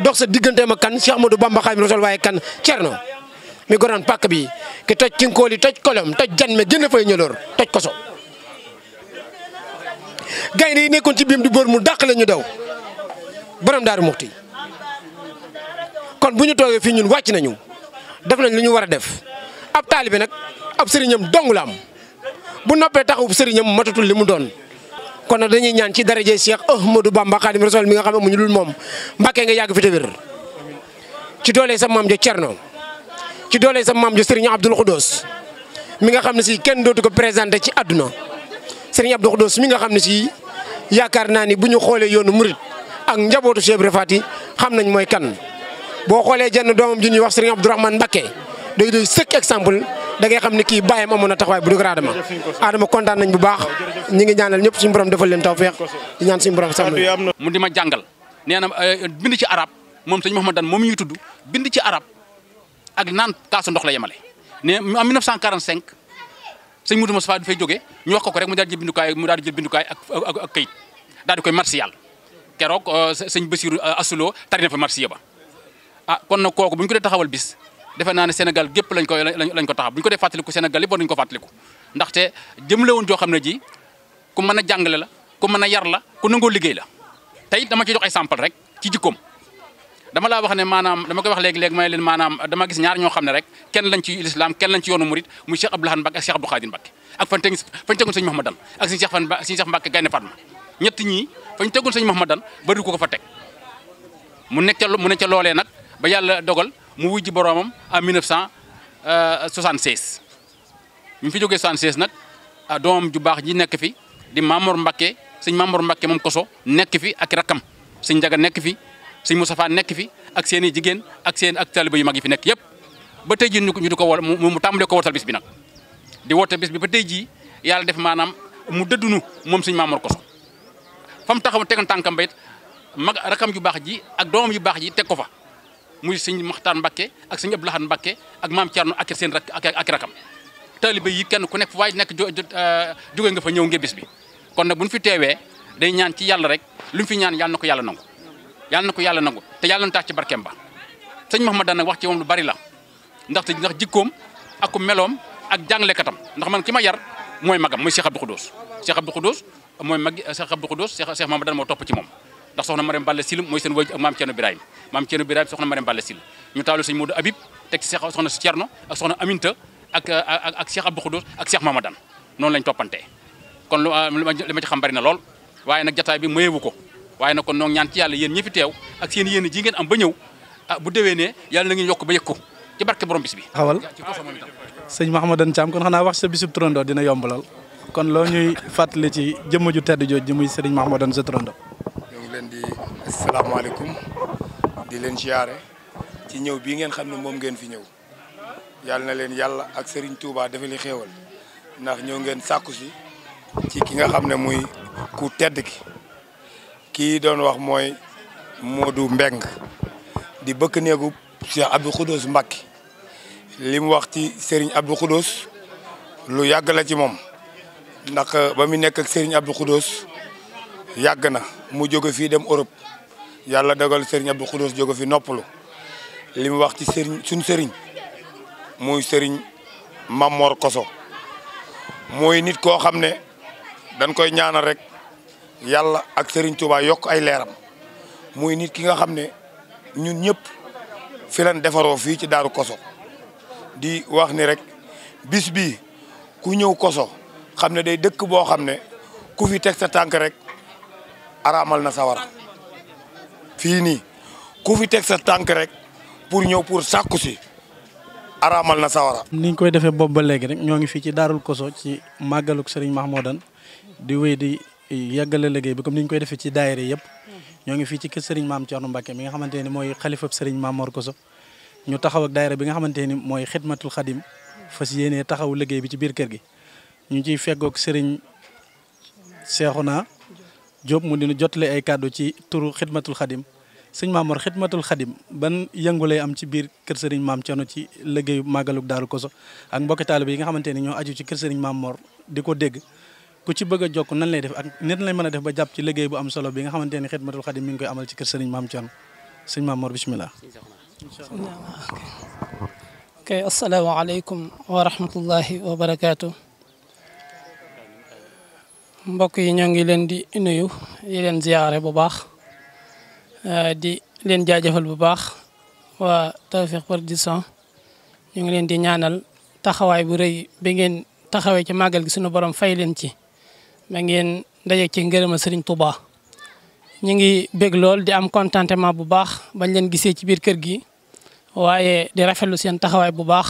dox sa digganteem ak kan Cheikh Ahmadou Bamba Xaadimu Rasuul waaye kan Cerno mi gonoon pàkk bi ki toj kinkóol yi toj kolom toj jan me gën a fay ñëloor toj koso gaynde yi nekkoon ci biim di bóor mu dàq lañu daw borom daaru muxti kon bu ñu toogee fii ñun wàcc nañu def nañ lu ñu war a def ab taalibe nag ab sëriñam dong la am bu noppee taxawu sëriñam matatul li mu doon. kon nag dañuy ñaan ci daraje Cheikh Ahmadou Bamba Xaadimu Rasuul mi nga xam ne mu ñu lul moom Mbàkke nga yàgg fi te wér ci doole sa maam ja Cerno ci doole sa maam ju Serigne Abdoul Khoudous mi nga xam ne si kenn dootu ko présenté ci àdduna Serigne Abdoul Khoudous mi nga xam ne si yaakaar naa ni bu ñu xoolee yoonu murit ak njabootu Cheikh Ibra Faty xam nañ mooy kan. boo xoolee jenn doomam ji ñuy wax Serigne Abdourahmane Mbacké day doy sëkk exemple da ngay xam ne kii bàyyam amoon na taxawaay bu dugg Adama Adama kontaan nañ bu baax ñi ngi ñaanal ñëpp suñu borom defal leen tawfeex di ñaan suñu borom sàmm mu di ma jàngal nee na eh, bind ci arab moom sëñ Mouhamadane moom ñuy tudd bind ci arab ak naan kaasu ndox la yemale ne en 1945 sëñ Moudou Moustapha dafay jógee ñu wax ko ko rek mu daal di bindukaay mu daal di jël bindukaay ak ak kayit daal di koy marsiyaal keroog euh, sëñ Bassirou euh, Assuloo tari na fa marsiya ba a ah, kon nag kooku bu ñu ko dee taxawal bis defe naa ne Sénégal gépp lañ koy lañ ko taxaw bu ñu ko dee fàttaliku Sénégal yëpp war nañu ko fàttaliku ndaxte jëmale woon joo xam ne ji ku mën a jàngale la ku mën a yar la ku nangoo liggéey la tey dama ciy jox ay sample rek ci jikkoom dama laa wax ne maanaam dama koy wax léegi-léegi may leen maanaam dama gis ñaar ñoo xam ne rek kenn lañ ci lislaam kenn lañ ci yoonu murit muy Cheikh Abdou Lahad Mbacke ak Cheikh Abdou Khadim Mbacke ak fañ teg fañ tegul sëñ Mahamadan ak ko ko fa teg mu nekk ca mu nekk ca loolee nag ba yàlla dogal mu wujji boroomam en 1976 mu fi jógee 76 nag ah, doomam ju baax ji nekk fi di Mamour Mbacke sëñ Mamour Mbacke moom koso nekk fi ak rakkam sëñ Njaga nekk fi sëñ Moustapha nekk fi ak seen i jigéen ak seen ak taaliba yu mag yi fi nekk yëpp ba tey jii ñu ñu di ko war mu tàmbalee ko wootal bis bi nag di woote bis bi ba tey ji yàlla def maanaam mu dëddunu moom sëñ Mamour Kosso fa mu taxaw tegan tànkam ba it mag rakam yu baax ji ak doomam yu baax ji teg ko fa muy sëñ Maxtaar Mbakke ak sëñ Abdou Lahad Mbakke ak maam Thierno ak seen rak ak rakam taaliba yi kenn ku nekk waaye nekk euh, jóge nga fa ñëw ngir bis bi kon nag bu buñ fi teewee day ñaan ci yàlla rek luñ fi ñaan yàlla na ko yàlla nangu yàlla na ko yàlla nangu te yàlla na tax ci barkeem ba sëñ Mahamadan nag wax ci moom lu bari la ndax ndaxte ndax jikkoom ak ku meloom ak jàngalekatam ndax man ki ma yar mooy magam muy Cheikh Abdou Khoudous Cheikh Abdou Khoudous mooy mag Cheikh Abdou Khoudous Cheikh Cheikh Mahamadan moo topp ci moom ndax soxna Mariam Balla Sil mooy seen wëj ak maam Thierno Birahim maam Thierno Birahim soxna Mariam Balla Sil ñu taalu sëñ Modou Habib teg ci Cheikh soxna si Thierno ak ak ak Cheikh Abdou Khoudous ak Cheikh Mahamadan noonu lañ toppantee kon lu ma ci xam bari na lool waaye nag jataay bi mayewu ko waaye na kon noog ñaan ci yàlla yéen ñi teew ak seen yéen ji ngeen am ba ñëw ah bu déwee ne yàlla na ngeen yokk ba yëg ko ci barke borom bis bi xawal sëñ Mahamadan Thiam kon xanaa wax sa bisub turandoo dina yombalal kon loo ñuy fàttale ci jëmm ju tedd jooju muy sëriñ Mahamadan sa turandoo ñoo ngi leen di asalaamaaleykum di leen siyaare ci ñëw bii ngeen xam ne moom ngeen fi ñëw yàlla na leen yàlla ak sëriñ Touba defe li xeewal ndax ñëw ngeen sàkku si ci ki nga xam ne muy ku ki kii doon wax mooy Modou Mbeng di bëkk néegu Cheikh Abdou Khoudous Mbacké li mu wax ci Serigne Abdou Khoudous lu yàgg la ci moom ndax euh, ba mu nekk ak Serigne Abdou Khoudous yàgg na mu jóge fii dem Europe yàlla dogal Serigne Abdou Khoudous jóge fi noppalu li mu wax ci Serigne suñ Serigne muy sëriñ Mamor Koso mooy nit koo xam ne dañ koy ñaanal rek yàlla ak Serigne Touba yokk ay leeram muy nit ki nga xam ne ñun ñëpp fi lan defaroo fii ci Daaru Koso di wax ni rek bis bii ku ñëw Koso xam ne day dëkk boo xam ne ku fi teg sa tànk rek araamal na sawara fii nii ku fi teg sa tànk rek pour ñëw pour sàkku si araamal na sawara ni koy defee boobu ba léegi rek ñoo ngi fii ci Daarul Koso ci màggaluk sëriñ Mahmoudan di wéy di yàggale liggéey bi comme ni ñu koy defee ci daayira yëpp mhm. ñoo ngi fii ci kër Serigne Maam Thierno Mbacke mi nga xamante ni mooy xalifab Serigne Maam Mor Koso ñu taxaw ak bi nga xamante ni mooy xidmatul xadim fas yéenee taxaw liggéey bi ci biir kër gi ñu ciy feggoog Serigne Cheikhouna Diop mu dina jotale ay kàddu ci turu xidmatul xadim sëñ Maam Mor xidmatul xadim ban yëngu lay am ci biir kër Serigne Maam Thierno ci liggéeyu màggaluk Daaru Koso ak mbokki taalibe yi nga xamante ni ñoo aju ci kër Serigne Maam Mor di ko dégg ku ci bëgg a jokk nan lay def ak nit lay mën a def ba jàpp ci liggéey bu am solo bi nga xamante ne xidmatul xadim mi ngi koy amal ci kër sëriñ maam Thion sëñ maam Mor bisimilah. kay asalaamaaleykum wa rahmatullahi wa barakaatu. mbokk yi ñoo ngi leen di nuyu di leen ziyaare bu baax eh, di leen jaajëfal bu baax waa Tawfekh Production ñu ngi leen di ñaanal taxawaay bu rëy bi ngeen taxawee ci màggal gi suñu borom fay leen ci na ngeen daje ci ngërëma Serigne Touba ñu ngi bég lool di am contentement bu baax bañ leen gisee ci biir kër gi waaye di rafetlu seen taxawaay bu baax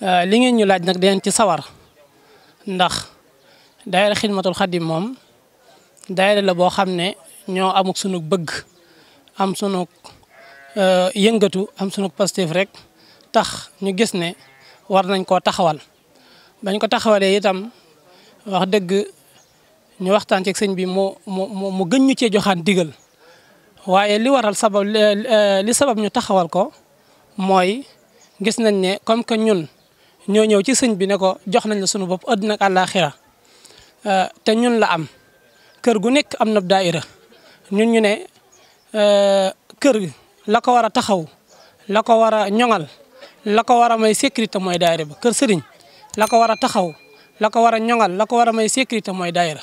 euh, li ngeen ñu laaj nag dinañ ci sawar ndax daayira xidmatul xadim moom daayira la boo xam ne ñoo amuk sunu bëgg am sunu euh, yëngatu am sunu positif rek tax ñu gis ne war nañ koo taxawal bañ ko taxawalee itam wax dëgg ñu waxtaan ceeg sëñ bi mu mu mu gën ñu cee joxaan digal waaye li waral sabab li sabab ñu taxawal ko mooy gis nañ ne comme que ñun ñoo ñëw ci sëñ bi ne ko jox nañ la sunu bopp àddina ak àllaaxira euh, te ñun la am kër gu nekk am na daayira ñun ñu ne euh, kër la ko war a taxaw la ko war a ñoŋal la ko war a may sécurité mooy daayira ba kër sëriñ la ko war a taxaw la ko war a ñoŋal la ko war a may sécurité mooy daayira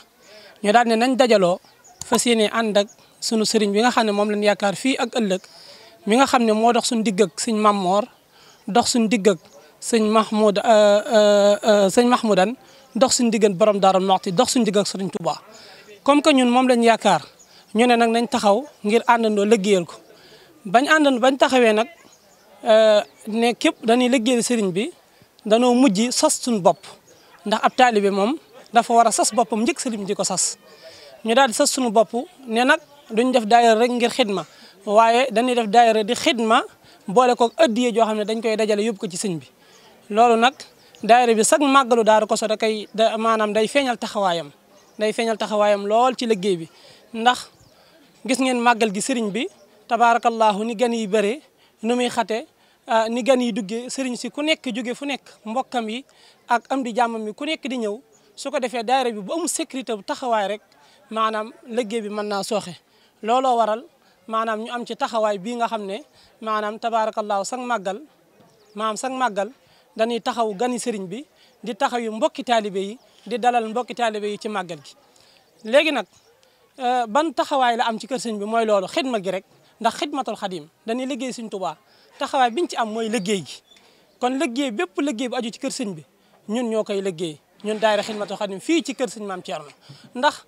ñu daal ne nañ dajaloo fa yéene ànd ak sunu sëriñ bi nga xam ne moom lañ yaakaar fii ak ëllëg mi nga xam ne moo dox suñ digg ak sëñ Mamor dox suñ digg ak sëñ Mahmoud euh, euh, euh, sëñ Mahmoudan dox suñ diggan borom Daaru Muxti dox suñ digg ak sëriñ Touba comme que ñun moom lañ yaakaar ñu ne nag nañ taxaw ngir àndandoo liggéeyal ko bañ àndandoo bañ taxawee nag ne képp dañuy liggéeyal sëriñ bi danoo mujj sas suñ bopp ndax ab taalibe moom dafa war a sas boppam njëkk sëriñ di ko sas ñu daal di sas suñu bopp ne nag duñ def daayira rek ngir xidma waaye dañuy def daayira di xidma boole koog addiye joo xam ne dañ koy dajale yóbbu ko ci sëñ bi loolu nag daayira bi sag màggalu Daaru Koso da koy da maanaam day feeñal taxawaayam day feeñal taxawaayam lool ci liggéey bi ndax gis ngeen màggal gi sëriñ bi tabaarakallaahu ni gan yi bëree nu muy xate ni gan yi dugge sëriñ si ku nekk jóge fu nekk mbokkam yi ak am di jàmmam yi ku nekk di ñëw su ko defee daayira bi bu amul sécurité bu taxawaay rek maanaam liggéey bi mën naa sooxe looloo waral maanaam ñu am ci taxawaay bii nga xam ne maanaam tabaarakallaahu sang màggal maam sang màggal dañuy taxaw gani sëriñ bi di taxaw yu mbokki taalibe yi di dalal mbokki taalibe yi ci màggal gi léegi nag euh, ban taxawaay la am ci kër sëñ bi mooy loolu xidma gi rek ndax xidmatul xadim dañuy liggéey sëñ Tuubaa taxawaay biñ ci am mooy liggéey gi kon liggéey bépp liggéey bu aju ci kër sëñ bi ñun ñoo koy liggéey ñun daayira xidmatul xadim fii ci kër sëñ maam Thierno ndax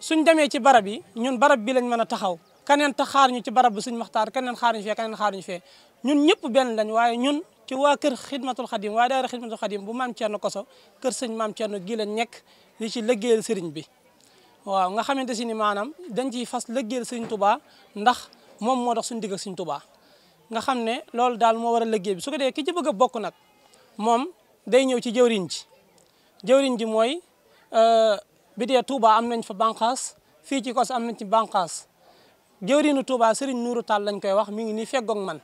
suñ demee ci barab yi ñun barab bi lañ mën a taxaw keneen ta xaar ñu ci barab bu suñ maxtaar keneen xaar ñu fee keneen xaar ñu fee ñun ñëpp benn lañ waaye ñun ci waa kër xidmatul xadim waaye daayira xidmatul xadim bu maam Thierno koso kër sëñ maam Thierno gii lañ nekk li ci liggéeyal sëriñ bi waaw nga xamante si ni maanaam dañ ciy fas liggéeyal sëriñ Touba ndax moom moo dox suñ digg ak sëriñ Touba nga xam ne loolu daal moo war a lëggéey bi su ko dee ki ci bëgg a bokk nag moom day ñëw ci jëwriñ ji jëwriñ ji mooy euh, bi dee Touba am nañ fa bànqaas fii ci kos am nañ ci bànqaas jëwriñu Touba Serigne Nourou Tall lañ koy wax mi ngi nii feggoog man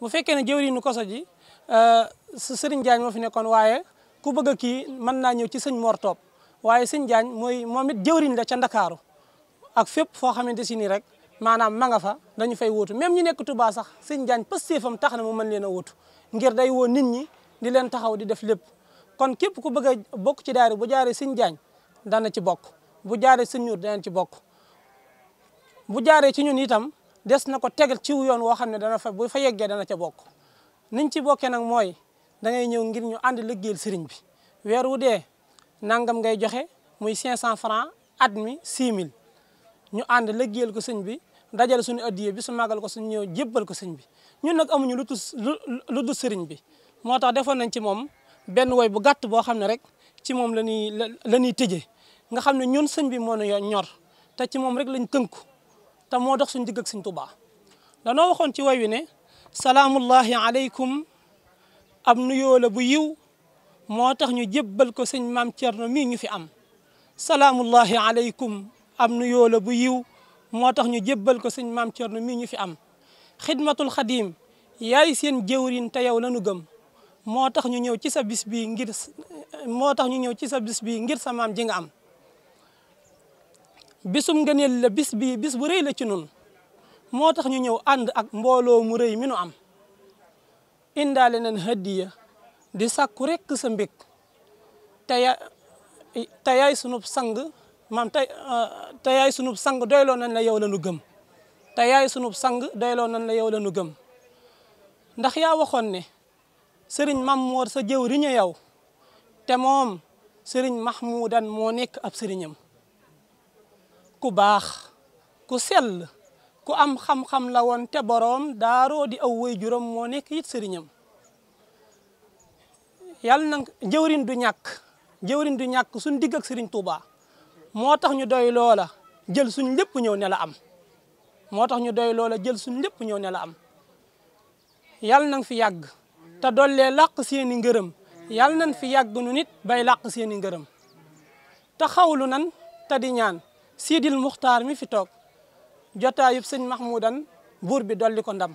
bu fekkee ne jëwriñu koso ji euh, Serigne Diagne moo fi nekkoon waaye ku bëgg a kii mën naa ñëw ci sëñ Mor waaye sëñ Diagne mooy moom it jëwriñ la ca Ndakaaru ak fépp foo xamante si nii rek maanaam ma nga fa dañu fay wuutu même ñu nekk Touba sax sëñ Diagne pëstéefam tax na mu mën leen a wuutu ngir day woo nit ñi di leen taxaw di def lépp kon képp ku bëgg bokk ci daayira bu jaaree sëñ Jaañ dana ci bokk bu jaaree sëñ Nuur ci bokk bu jaaree ci ñun itam des na ko tegal ci yoon woo xam ne dana fa bu fa yeggee dana ca bokk niñ ci bokkee nag mooy da ngay ñëw ngir ñu ànd liggéeyal sëriñ bi weer wu dee nangam ngay joxe muy 500 francs at mi 6000 ñu ànd liggéeyal ko sëñ bi dajal suñu addiye bi su màggal ko suñu ñëw jébbal ko sëñ bi ñun nag amuñu lu tus lu bi moo tax defoon nañ ci moom benn woy bu gàtt boo xam ne rek ci moom la ñuy la ñuy tëjee nga xam ne ñun sëñ bi moo ñu ñor te ci moom rek lañ tënku te moo dox suñ digg ak suñ Tuubaa danoo waxoon ci woy wi ne salaamullahi aleykum ab nuyoo la bu yiw moo tax ñu jébbal ko sëñ maam Thierno mii ñu fi am salaamullahi aleykum ab nuyoo la bu yiw moo tax ñu jébbal ko sëñ maam Thierno mii ñu fi am xidmatul xadim yaay seen jëwrin te yow la nu gëm moo tax ñu ñëw ci sa bis bi ngir tax ñu ñëw ci sa bis bi ngir sa maam ji nga am bisum ngëneel la bis bi bis bu rëy la ci nun moo tax ñu ñëw ànd ak mbooloo mu rëy mi nu am indaale nañ hadiya di sakku rekk sa mbég teya teyaay sunub sang maam tey teyaay sunub sang doyloo nañ la yow la nu gëm teyaay sunub sang doyloo nañ la yow la nu gëm ndax yaa waxoon ne sëriñ Mamoor sa jëwriñu yow te moom sëriñ Mahmoudan moo nekk ab sëriñam ku baax ku sell ku am xam-xam la woon te boroom daaroo di aw way juróom moo nekk it sëriñam yàlla na jëwriñ du ñàkk jëwriñ du ñàkk suñ digg ak sëriñ Touba moo tax ñu doy loola jël suñ lépp ñëw ne la am moo tax ñu doy loola jël suñ lépp ñëw ne am yàlla na fi yàgg te dollee làq seen i ngërëm yàlla nañ fi yàgg nu nit bay làq seen ngërëm te xawlu nan te di ñaan siidil muxtaar mi fi toog jotaayub sëñ Mahmoudan buur bi dolli ko ndam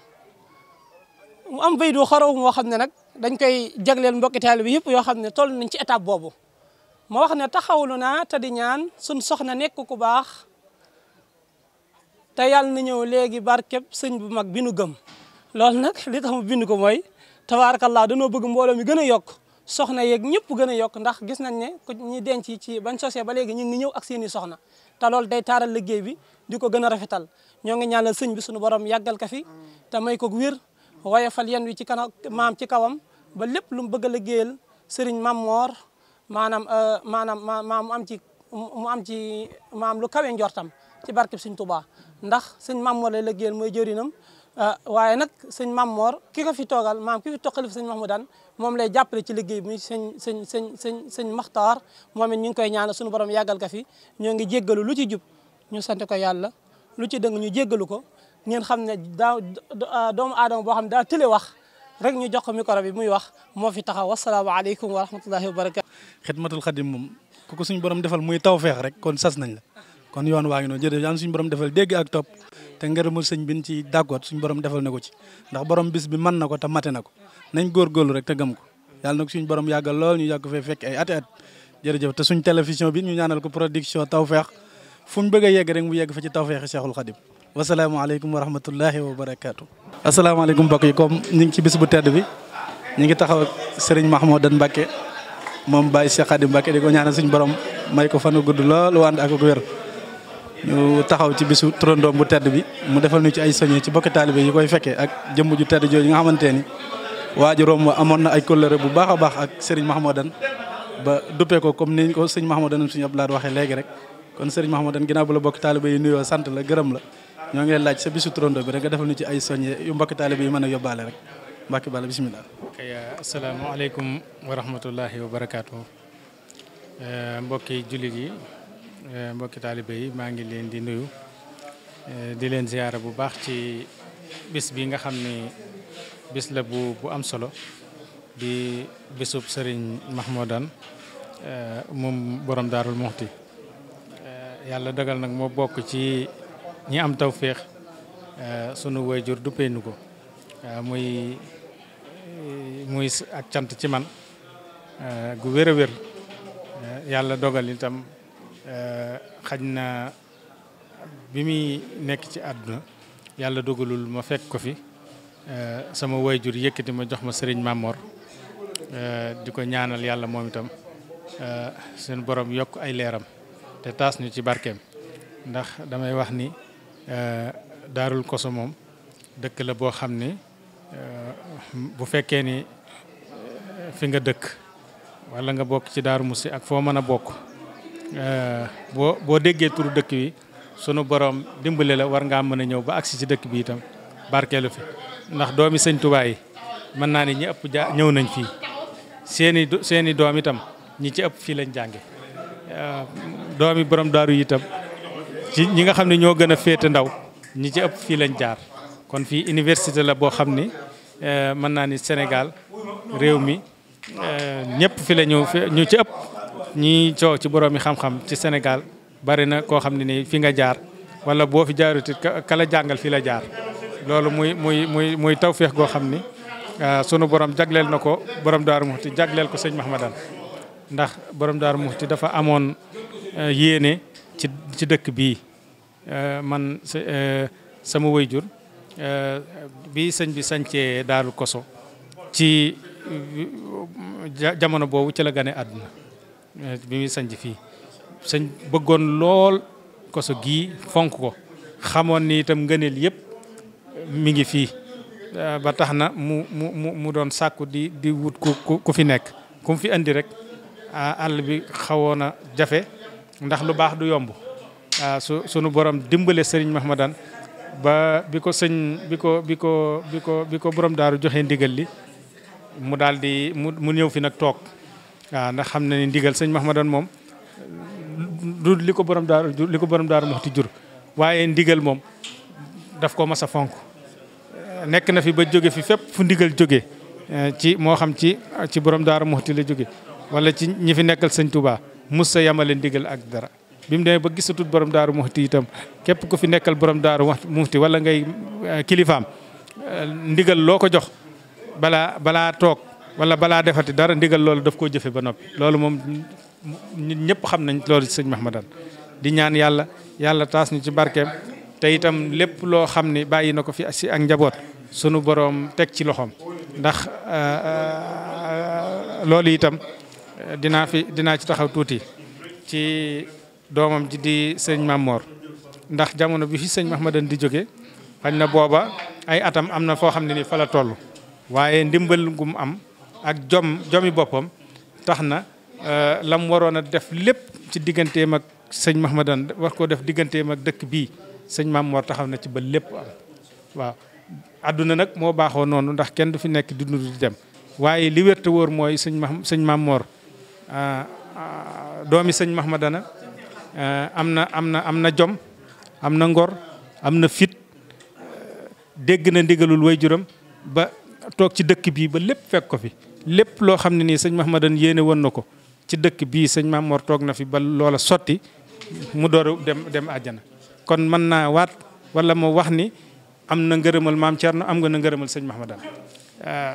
mu am baydu xaraw moo xam ne nag dañ koy jagleel mbokki taal bi yëpp yoo xam ne toll nañ ci étape boobu ma wax ne taxawlu naa te di ñaan suñ soxna nekk ku baax te yàlla na ñëw léegi barkeb sëñ bu mag binu gëm loolu nag li tax mu bind ko mooy tabaarakallaa dañoo bëgg mbooloo mi gën a yokk soxna yeeg ñëpp gën a yokk ndax gis nañ ne ku ñi denc ci bañ sosee ba léegi ñu ngi ñëw ak seen soxna te loolu day taaral liggéey bi di ko gën a rafetal ñoo ngi ñaanal sëñ bi suñu borom yàggal ka fi te may ko wér woyofal yan wi ci kana maam ci kawam ba lépp lu mu bëgg a liggéeyal sëriñ Mam Moor maanaam euh, maanaam maam mu ci mu ci maam lu kawe njortam ci barkeb sëñ Tuubaa ndax sëñ Mam Moor lay liggéeyal mooy jëriñam Euh, waaye nag sëñ Mame moor ki ko fi toogal maam ki fi toqali fi sëñ Mahmoudane moom lay jàppale ci liggéey bi sëñ sëñ sëñ sëñ sëñ Makhtar moom it ñu ngi koy ñaanal suñu borom yàggal ka fi ñoo ngi jéggalu lu ci jub ñu sant ko yàlla lu ci danga ñu jéggalu ko ngeen xam ne daa doomu aadama boo xam ne daa tële wax rek ñu jox ko micro bi muy wax moo fi taxaw wasalaamaaleykum wa rahmatullahi wa barakatu xidmatul xadim moom ku ko suñu borom defal muy taw feex rek kon sas nañ la kon yoon waa ngi noonu jërëjëf yaan borom defal dégg ak topp te ngërëmul sëñ bi ci dàggoot suñu borom defal na ko ci ndax borom bis bi mën na ko te mate na ko nañ góorgóorlu rek te gëm ko yàlla nag suñu borom yàggal lool ñu yàgg fee fekk ay ati at jërëjëf te suñ télévision bi ñu ñaanal ko production tawfeex fu mu bëgg a yegg rek mu yegg fa ci tawfeexi Cheikhul Khadim wasalaamaaleykum wa rahmatullahi wa barakaatu. asalaamaaleykum mbokk yi comme ñu ngi ci bis bu tedd bi ñu ngi taxaw ak Serigne Mahmoudan Mbacke moom Baye Cheikh Khadim Mbacke di ko ñaanal suñu borom may ko fanu gudd lool wànd ak wér ñu taxaw ci bisu turandoom bu tedd bi mu defal ñu ci ay soñe ci bokki taalibe yi koy fekkee ak jëmm ju tedd jooju nga xamante ni waajuroom amoon na ay kóllëre bu baax a baax ak Serigne Mahmoudane ba duppee ko comme niñ ko sëñ Mahmoudane suñu Abdoulaye waxee léegi rek kon Serigne Mahmoudane ginnaaw bu la bokki taalibe yi nuyoo sant la gërëm la ñoo ngi laaj sa bisu turandoo bi rek nga defal ñu ci ay soñe yu mbokki taalibe yi mën a yóbbaale rek mbàkki bala bisimilah. kay asalaamaaleykum wa rahmatullahi wa barakaatu eh, mbokki jullit yi. Eh, mbokki taalibe yi maa ngi leen di nuyu eh, di leen ziyaara bu baax ci bis bi nga xam ni bis la bu bu am solo di bisub sëriñ Mahmoudane eh, moom borom daarul muxti yàlla dogal nag moo bokk ci ñi am tawféex sunu wayjur duppee nu ko muy muy ak cant ci man gu wér wér yàlla dogal itam Euh, xaj na bi muy nekk ci àdduna yàlla dogalul ma fekk ko fi euh, sama jur yëkkati ma jox ma sëriñ Mamor euh, di ko ñaanal yàlla moom itam seen borom yokk ay leeram te taas ñu ci barkeem ndax damay wax ni daarul koso moom dëkk la boo xam ne bu fekkee ni fi nga dëkk walla nga bokk ci daaru musi ak foo mën a bokk Euh, boo boo déggee turu dëkk bi sunu boroom dimbale la war ngaa mën a ñëw ba agsi ci dëkk bi itam barkeelu fi ndax doomi sëñ Tuubaa yi mën naa ni ñi ëpp ja ñëw nañ fii seeni seeni doom itam ñi ci ëpp fii lañ jànge euh, doomi borom daaru itam ci ñi nga xam ne ñoo gën a féete ndaw ñi ci ëpp fii lañ jaar kon fii université la boo xam ni euh, mën naa ni Sénégal réew mi ñëpp fi la ñu ci ëpp ñiy coow ci boroomi xam-xam ci Sénégal bari na koo xam ne nii fi nga jaar wala boo fi jaarut it jàngal fi la jaar loolu muy muy muy muy feex goo xam ni ah, sunu borom jagleel na ko borom Daaru ti jagleel ko sëñ Mahmadan ndax borom Daaru ti dafa amoon eh, yéene ci ci dëkk bii eh, man eh, sama wayjur bi sëñ bi sañcee Daaru Koso ci jamono boobu ci la gane àdduna Eh, bi muy sanc fii sëñ bëggoon lool koso gii fonk ko xamoon ni itam ngëneel yépp mi ngi fii eh, ba tax na mu mu mu mu doon sàkku di di wut ku ku fi nekk ku fi andi rek àll bi xawoon a jafe ndax lu baax du yomb su sunu borom dimbale sëriñ Mahmadan ba bi ko sëñ bi ko bi ko ko bi ko borom daaru joxe ndigal li mu daldi di mu ñëw fi nag toog waaw ndax xam na ni ndigal sëñ Mahmadan moom du li ko borom daaru li ko borom daaru Muxti jur waaye ndigal moom daf ko mas a fonk nekk na fi ba jóge fi fépp fu ndigal jóge eh, ci moo xam ci ci borom daaru Muxti la jóge wala ci ñi fi nekkal sëñ Touba mus sa yamale ndigal ak dara bi mu ba gisatul borom daaru Muxti itam képp ku fi nekkal borom daaru Muxti wala ngay eh, kilifaam eh, ndigal loo ko jox balaa toog wala balaa defati dara ndigal loolu daf koo jëfe ba noppi loolu moom nit ñëpp xam nañ loolu ci sëñ Mahmadan di ñaan yàlla yàlla taas ci barkeem te itam lépp loo xam ne bàyyi na ko fi si ak njaboot sunu boroom teg ci loxoom ndax euh, euh, loolu itam euh, dinaa fi dinaa ci taxaw tuuti ci doomam ji di sëñ Mamor ndax jamono bi fi sëñ Mahmadan di jóge xañ na booba ay atam am na foo xam ne ni fala la toll waaye ndimbal gum am ak jom jomi boppam tax na euh, lam waroon def lépp ci digganteem mag sëñ Mahmadan war koo def digganteem ak dëkk bii sëñ Maam Mor taxaw na ci ba lépp àdduna nag moo baaxoo noonu ndax kenn du fi nekk di dem waaye li wér te mooy sëñ ma sëñ Maam Mor euh, euh, doomi sëñ Mahmadana am na am na am na jom am na ngor am na fit dégg na ndigalul waajuram ba toog ci dëkk bii ba lépp fekk ko fi lépp loo xam ne nii sëñ Mahmadan yéene woon na ko ci dëkk bii sëñ Maam Mor toog na fi ba loola sotti mu door dem dem àjjana kon mën naa waat wala moo wax ni am na ngërëmal maam Thierno am nga na ngërëmal sëñ Mahmadan euh,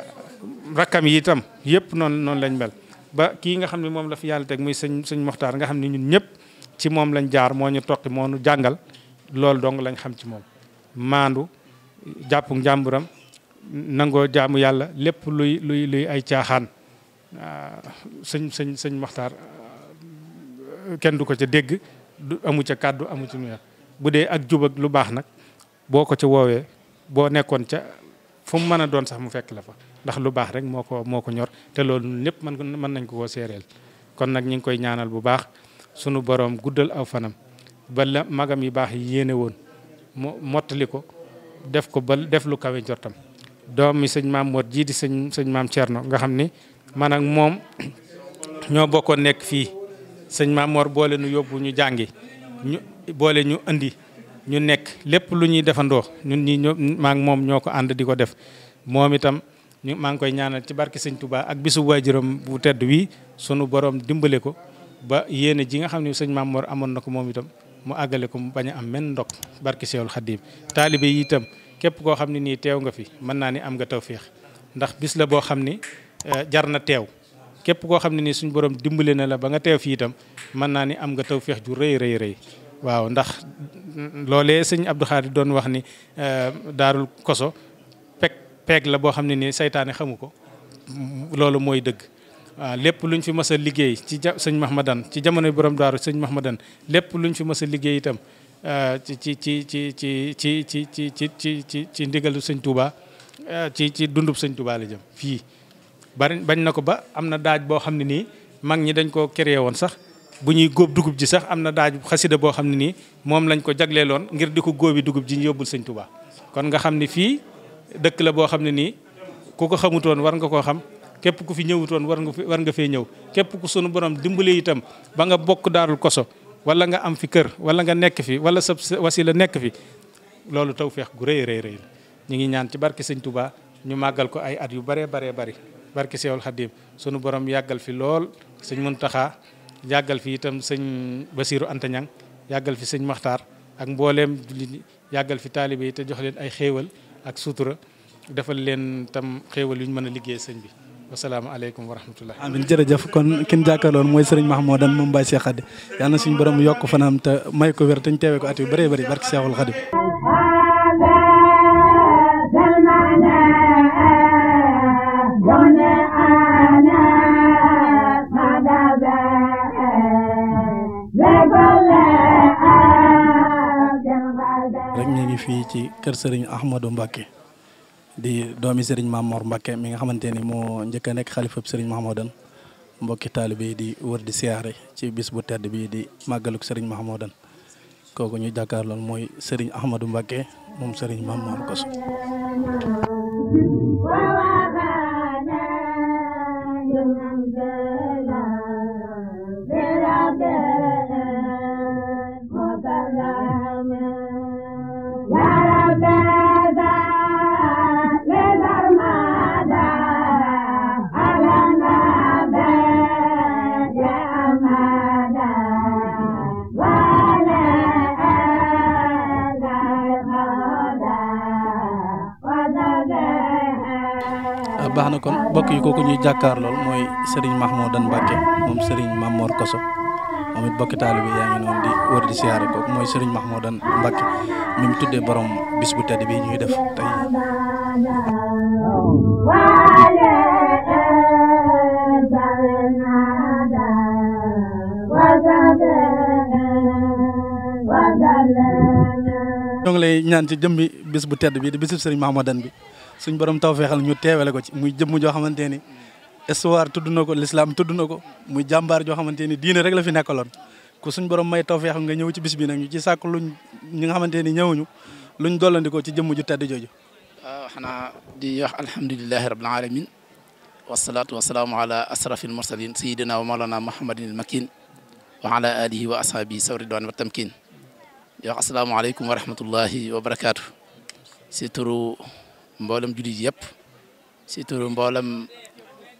rakkam yi itam yëpp noonu noonu lañ mel ba kii nga xam ne moom la fi yàlla teg muy sëñ sëñ Moxtaar nga xam ne ñun ñëpp ci moom lañ jaar moo ñu toqi moo jàngal loolu dong lañ xam ci moom maandu jàppu njàmburam nangoo jaamu yàlla lépp luy luy luy ay caaxaan sëñ sëñ sëñ Maxtaar kenn du ko ca dégg du amu ca kàddu amu ci meer bu dee ak jub lu baax nag boo ko ca woowee boo nekkoon ca fu mu mën a doon sax mu fekk la fa ndax lu baax rek moo ko moo ko ñor te loolu ñëpp mën mën nañ ko koo séeréel kon nag ñu ngi koy ñaanal bu baax sunu boroom guddal aw fanam ba magam yi baax yi yéene woon mu mottali ko def ko ba def lu kawe njortam doomi sëñ maam Mor jii di sëñ sëñ maam Thierno nga xam ni man moom ñoo bokkoo nekk fii sëñ maam Mor boole nu yóbbu ñu jàngi ñu boole ñu indi ñu nekk lépp lu ñuy defandoo ñun ñi ñoo maa moom ñoo ko ànd di ko def moom itam ñu maa ngi koy ñaanal ci barki sëñ tubaa ak bisu waajuram wu tedd wi sunu borom dimbale ko ba yéene ji nga xam ne sëñ maam Mor amoon na ko moom itam mu àggale ko mu bañ am menn ndokk barki Seexul Xadiim taalibe yi itam képp koo xam ne nii teew nga fi mën naa ni am nga tawféex ndax bis la boo xam ni eh, jar na teew képp koo xam ne nii suñ borom dimbali na la ba nga teew fii itam mën naa ni am nga tawféex ju rëy rëy rëy waaw ndax loolee sëñ Abdou Khadre doon wax ni eh, daarul koso peg peeg la boo xam ne nii seytaane xamu ko loolu mooy dëgg. waaw lépp luñ fi mës a liggéey ci ja sëñ Mahmadan ci jamono borom daaru sëñ Mahmadan lépp luñ fi mës a liggéey itam. ci ci ci ci ci ci ci ci ci ci ci ci ndigalu sëñ Touba ci ci dundub sëñ Touba la jëm fii bari bañ na ko ba am na daaj boo xam ne nii mag ñi dañ koo créé woon sax bu ñuy góob dugub ji sax am na daaj xasida boo xam ne nii moom lañ ko jagleeloon ngir di ko góobi dugub ji yóbbul sëñ Touba kon nga xam ni fii dëkk la boo xam ne nii ku ko xamutoon war nga koo xam képp ku fi ñëwutoon war nga war nga fee ñëw képp ku sunu borom dimbale itam ba nga bokk daarul koso wala nga am fi kër wala nga nekk fi wala sa wasila nekk fi loolu tawféex gu rëy rëy rëy ñu ngi ñaan ci barke sëñ Touba ñu màggal ko ay at yu baree baree bari barke Seexul Xadim sunu borom yàggal fi lool sëñ Muntaxa yàggal fi itam sëñ Basiiru Antañang yàggal fi sëñ Maxtaar ak mbooleem jullit ñi yàggal fi taalibe yi te jox leen ay xéewal ak sutura defal leen tam xéewal yu ñu mën a liggéey sëñ bi wasalaamaaleykum wa rahmatullah amin jërëjëf kon kin jàkkaarloon mooy sëriñ Mahmoudan moo Baye Cheikh Khady yal na suñu borom yokk fanam te may ko wér te ñu teewee ko at yu bëree bëri barki Cheikhul Khadim rek ñu fii ci kër Serigne Ahmadou Mbacké di doomi Serigne Mame Mor mi nga xamante ni moo njëkk a nekk xalifab Serigne Mahmoudan mbokki taalibe yi di wër di siyaare ci bis bu tedd bii di màggaluk Serigne Mahmoudan kooku ñu jàkkaar lool mooy Serigne Ahmadou Mbacke moom sëriñ Mame Mor baax na kon mbokk yi kooku ñuy jàkkaar lool mooy sëriñ Mahmoudan Mbacke moom Serigne Mamor Koso moom it bokki taalibe yaa ngi noonu mooy Serigne Mahmoudan Mbacke mi mu tuddee boroom bis bu tedd bi ñuy def tey. ñoo ngi lay ñaan ci jëmbi bis bu tedd bi di bisu Serigne Mahmoudan bi. suñ borom tawfeexal ñu teewale ko ci muy jëmm joo xamante ni histoire tudd na ko l'islam tudd na ko muy jàmbaar joo xamante ni diine rek la fi nekkaloon ku suñ borom may tawfeex nga ñëw ci bis bi nag ñu ci sàkk luñ ñi nga xamante ni ñëwuñu luñ dollandikoo ci jëmm ju tedd jooju. waaw ah, xanaa di wax alhamdulilahi rabbil alamin wasalaatu wasalaamu ala asrafil mursalin sayidina wa maulana muhammadin al makin wa ala alihi wa ashaabihi sawri dwan wa tamkin di wax asalaamaaleykum wa rahmatullahi wa barakaatu si turu mboolem jullit yëpp si turu mboolem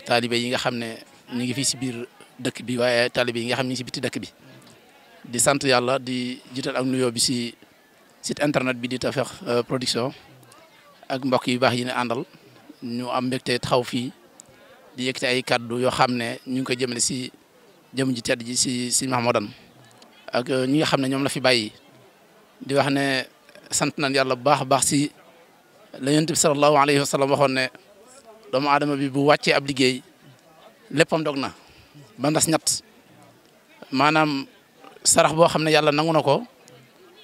taalibe yi nga xam ne ñu ngi fii si biir dëkk bi waaye taalibe yi nga xam ne si biti dëkk bi di sant yàlla di jiital am nuyoo bi si sit internet bi di Tawfekh euh, Production ak mbokk yu baax yi ne àndal ñu am mbégte taxaw fii di yëkkati ay kaddu yoo xam ne ñu ngi ko jëmale si jëm ji tedd ji si si Mahmoudane ak euh, ñi nga xam ne ñoom la fi bàyyi di wax ne sant nañ yàlla baax baax la yonent bi sallallahu alayhi wa sallam waxoon ne doomu aadama bi bu wàccee ab liggéey léppam dog na ba maanaam sarax boo xam ne yàlla nangu na ko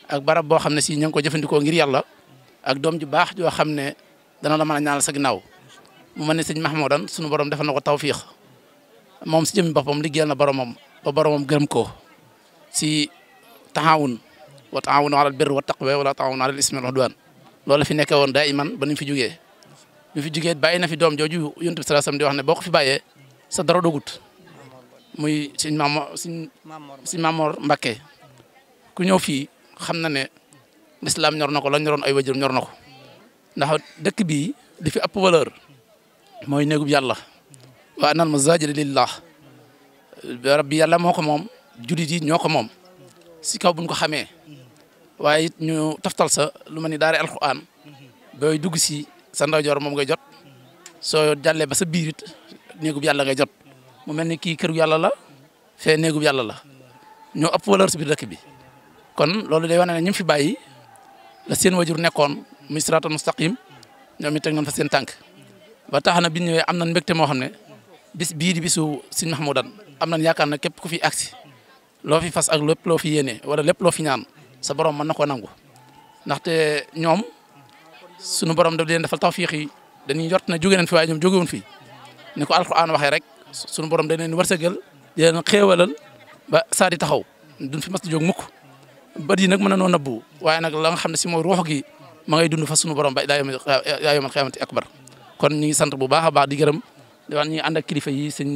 ak barab boo xam ne si ña ngi ko jëfandikoo ngir yàlla ak doom ju baax joo xam ne dana la mën a ñaanal sa ginnaaw mu mel ne sëñ Mahmoudan sunu borom defal na ko tawfiix moom si jëmmi boppam liggéey na moom ba boromam gërëm ko si taawun wa taawunu alal birri wa taqwa wala taawunu alal ismi wal loolu la fi nekke woon daay iman ba fi jugee ñu fi jugee bàyyi na fi doom jooju yonent bi sallallahu alayhi wax ne boo ko fi bàyyee sa dara dogut muy suñ Mamor suñ suñ Mamor Mbakke ku ñëw fii xam na ne lislaam ñor na ko la ñoroon ay wajur ñor na ko ndax dëkk bi li fi ëpp valeur mooy néegub yàlla wa anal masaajida lillah rabbi yàlla moo ko moom jullit yi ñoo moom si kaw buñ ko xamee waaye it ñu taftal sa lu ma ni daare alxuraan booy dugg si sa ndeyjoor moom nga jot soo jàllee ba sa biir it néegub yàlla nga jot mu mel ni kii këru yàlla la fee néegub yàlla la ñoo ëpp valeur si biir dëkk bi kon loolu day wane ne ñu fi bàyyi la seen wajur nekkoon muy siraatal mustaqim ñoom it teg fa seen tànk ba tax na bi ñëwee am na mbégte moo xam ne bis bii di bisu Sëñ Mahmoudan am nañ yaakaar na képp ku fi agsi loo fi fas ak lépp loo fi yéene wala lépp loo fi ñaan sa borom mën na koo nangu ndaxte ñoom sunu borom daf leen defal tawfiix yi dañuy jot na jóge nañ fi waaye ñoom jógewuñ fi ni ko alxuraan waxee rek sunu borom dañ leen wërsëgal di leen xéewalal ba saa di taxaw duñ fi mas di jóg mukk bët yi nag mën na noo nabbu waaye nag la nga xam ne si mooy ruux gi ma ngay dund fa sunu borom ba daa yawmal qiyaamati akbar kon ñu ngi sant bu baax a baax di gërëm di ak kilifa yi sëñ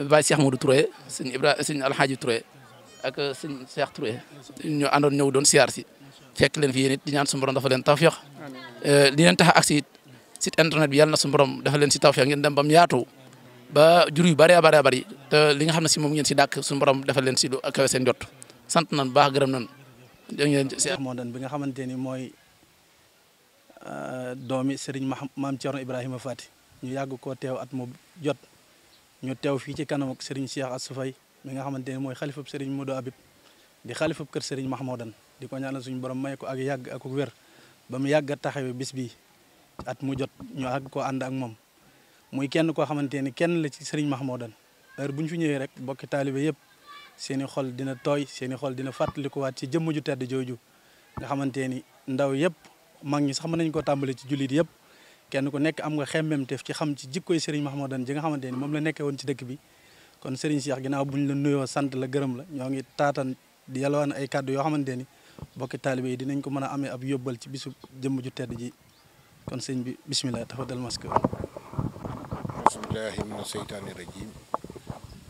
Baye Cheikh Modou Touré ak euh, sëñ Cheikh Touré ñu àndoon doon siyaar si fekk leen fi yéen di ñaan suñu borom dafa leen tawfeex li euh, leen tax a agsi it site internet bi yàlla na suñu borom dafa leen si tawfeex ngeen dem ba yaatu ba jur yu bëree bëree bari te li nga xam ne si moom ngeen si dàkk suñu borom dafa leen si lu kawe seen jot sant nañ bu baax gërëm nañ bi nga xamante ni mooy euh, doomi Serigne Maam Thierno Ibrahima Fati ñu yàgg koo teew at moo jot ñu teew fii ci kanam ak Serigne mi nga xamante ne mooy xalifab Serigne Modou Habib di xalifab kër sëriñ Serigne Mahmoudan di ko ñaanal suñu borom may ko ak yàgg ak wér ba mu yàgg a taxawee bis bi at mu jot ñu àgg koo ànd ak moom muy kenn koo xamante ni kenn la ci max Mahmoudan heure bu ñu fi ñëwee rek bokki taalibe yëpp seen i xol dina tooy seen i xol dina fàttalikuwaat ci jëmm ju tedd jooju nga xamante ni ndaw yëpp mag ñi sax mën nañ ko tàmbale ci jullit yëpp kenn ku nekk am nga xemmemteef ci xam ci jikkoy Serigne Mahmoudan ji nga xamante ni moom la nekkee woon ci dëkk bi kon Serigne Cheikh ginnaaw bu ñu la nuyoo sant la gërëm la ñoo ngi taatan di yalwaan ay kàddu yoo xamante ni bokki taalibe yi dinañ ko mën a amee ab yóbbal ci bisub jëmm ju tedd ji kon sëñ bi bisimilah tafaddal mask bismillahi mina seytaani rajim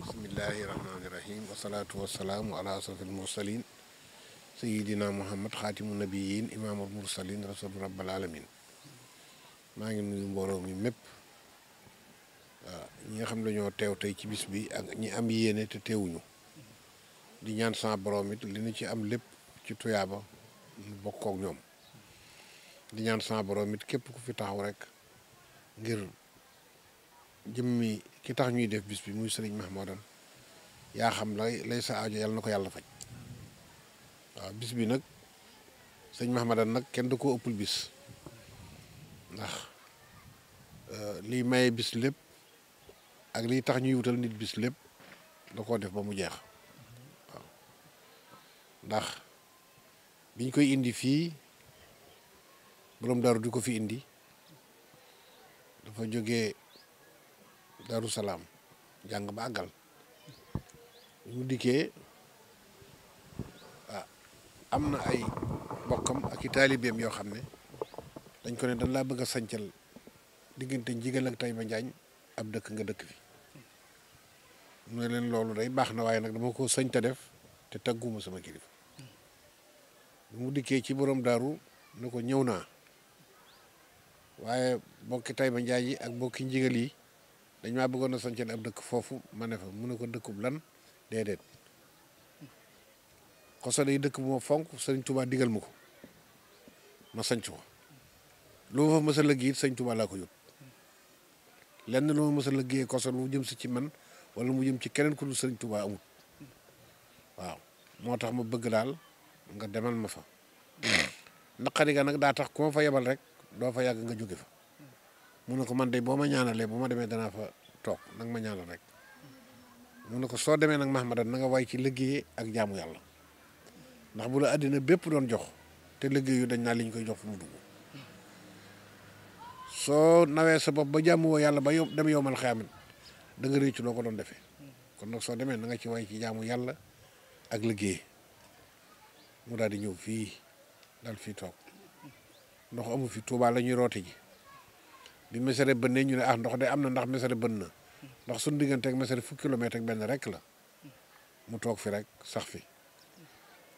bismillahi rahmaani rahim wasalaatu wasalaamu ala asrafil mursalin sayidina muhammad xaatimu nabiyin imaamul mursalin rasul rabbil alamin maa ngi nuyu mbooloo mi mépp waaw ñi nga xam ne dañoo teew tey ci bis bi ak ñi am yéene te teewuñu di ñaan sama borom it li ñu ci am lépp ci tuyaaba ñu bokkook ñoom di ñaan sama borom it képp ku fi taxaw rek ngir jëmmi ki tax ñuy def bis bi muy sëriñ Mahmoudan yaa xam lay lay sa aajo yàlla na ko yàlla faj waaw bis bi nag sëriñ Mahmoudan nag kenn du ko ëppul bis ndax euh, liy maye bis lépp. ak liy tax ñuy wutal nit bis lépp da koo def ba mu jeex waaw ndax biñ koy indi fii boroom daaru di ko fi indi dafa jóge daaru salaam jàng ba àggal mu dikkee ah, am na ay bokkam ak i taalibeem yoo xam ne dañ ko ne dañ laa bëgg a sancal diggante njigal ak Taïba Njaañ ab dëkk nga dëkk fi mu ne leen loolu day baax na waaye nag dama ko sëñ def te tagguma sama kilifa mu dikkee ci boroom daaru ne ko ñëw naa waaye bokki ba Njaay yi ak bokki njigal yi dañ maa bëggoon na sañcal ab dëkk foofu ma ne fa mu ne ko dëkkub lan déedéet xoso day dëkk bu ma fonk sëñ Tuubaa digal ma ko ma sañc ko lu ma fa mës a sëñ Tuubaa laa ko yóbbu lenn lu ma mës a liggéeyee kosol mu jëm si ci man wala mu jëm ci keneen ku dul sëriñ Tuubaa amut waaw moo tax ma bëgg daal nga demal ma fa naqari nag daa tax ku ma fa yebal rek doo fa yàgg nga jóge fa mu ne ko man de boo ma ñaanalee bu ma demee danaa fa toog nag ma ñaanal rek mu ne ko soo demee nag Mahmadan na nga way ci liggéey ak jaamu yàlla ndax bu la àddina bépp doon jox te liggéey yu dañ naa liñ koy jox fu mu dugg soo nawee sa bopp ba jàmm woo yàlla ba dem yowmal xiyaamin danga nga réccu loo ko doon defee kon nag soo demee na nga ci way ci jaamu yàlla ak liggéey mu daal di ñëw fii daal fi toog ndox amu fi tuubaal la ñuy rooti ji bi mesere bënnee ñu ne ah ndox de am na ndax mesere bën na ndax suñu digganteeg mesere fukki kilomètre ak benn rek la mu toog fi rek sax fi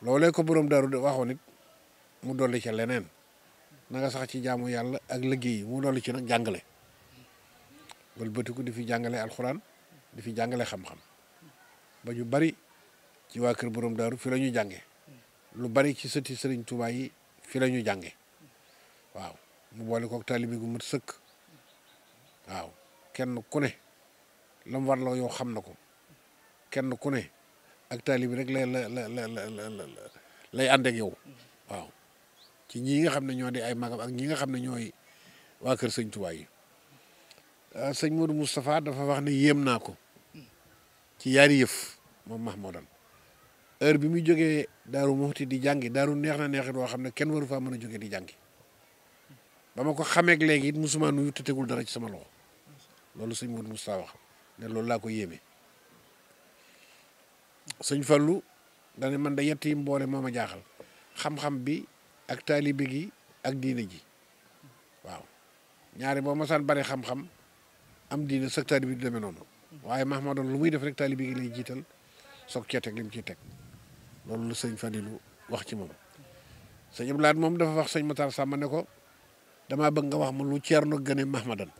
loolee ko borom daaru waxoon it mu dolli ca leneen na nga sax ci jaamu yàlla ak liggéey mu dolli ci nag jàngale bal bëtiku di fi jàngale alxuraan di fi jàngale xam-xam ba ñu bari ci waa kër borom daaru fi la jànge lu bari ci sëti sëriñ Tuubaa yi fi la ñu jànge waaw mu boole kook taalibi gu mat sëkk waaw kenn ku ne lam war la yow xam na ko kenn ku ne ak taalibi rek lay la la la lay ànd yow ci ñii nga xam ne ñoo di ay magam ak ñi nga xam ne ñooy waa kër sëñ Tuubaa ah, sëñ Modou Moustapha dafa wax ne yéem naa ko ci yaar yëf moom max moo Mahmoudan heure bi muy jógee Daaru Muxti di jàngi daaru neex na neexit woo xam ne kenn waru faa mën a jógee di jàngi ba ma ko xameek ak léegi it musuma nuyu dara ci sama loxo loolu sëñ Modou Moustapha wax ne loolu laa ko yéeme sëñ Fallou dane man da yett yi mboole moo ma jaaxal xam-xam bi ak taalibe gi ak diine ji waaw ñaari boo masaan bari xam-xam am diine sax taalibe du demee noonu waaye Mahmadan lu muy def rek taalibe gi lay jiital soog cee teg li mu ciy teg loolu la sëñ Fadilou wax ci moom sëñ Abdoulaye moom dafa wax sëñ ma Matar sàmma ne ko damaa bëgg nga wax ma lu ceer Ceerno gëne Mahmadan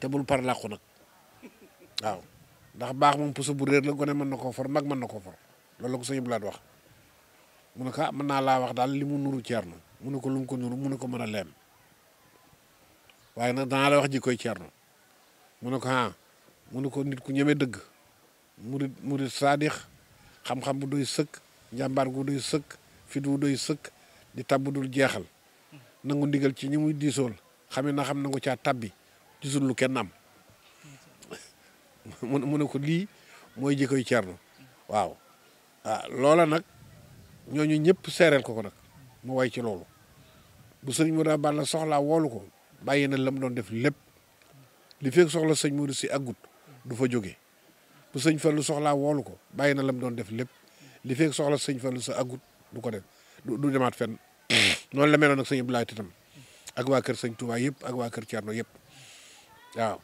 te bul par làqu nag waaw ndax baax moom puso bu réer la gone mën na koo for mag mën na koo for loolu la ko sëñ Abdoulaye wax mu ne ko ah, mën naa laa wax daal li mu nuru Thierno mun ne ko lu ko nuru mun a ko mën a leem waaye nag danaa la wax ji koy Thierno mu ne ko ah. mu ne ko nit ku ñeme dëgg murit murit saadix xam bu doy sëkk njàmbaar gu sëkk fit wu doy sëkk di tabb dul jeexal nangu ndigal ci ñi muy diisool xame na xam nangu caa tabbi gisul lu kenn am mu ne ko lii mooy jikkoy Cerno waaw ah, loola nag ñooñu ñëpp seereel ko ko nag mu way ci loolu bu sëñ Mourou Balla soxlaa woolu ko bàyyi na la doon def lépp li soxla sëñ Mourou si aggut du fa jóge bu sëñ Fallou woolu ko bàyyi na la mu doon def lépp li fekk soxla sëñ Fallou sa aggut du ko def du demaat fen noonu la meloon nag sëñ Abdoulaye Titam ak waa kër sëñ Touba yëpp ak waa kër Thierno yëpp waaw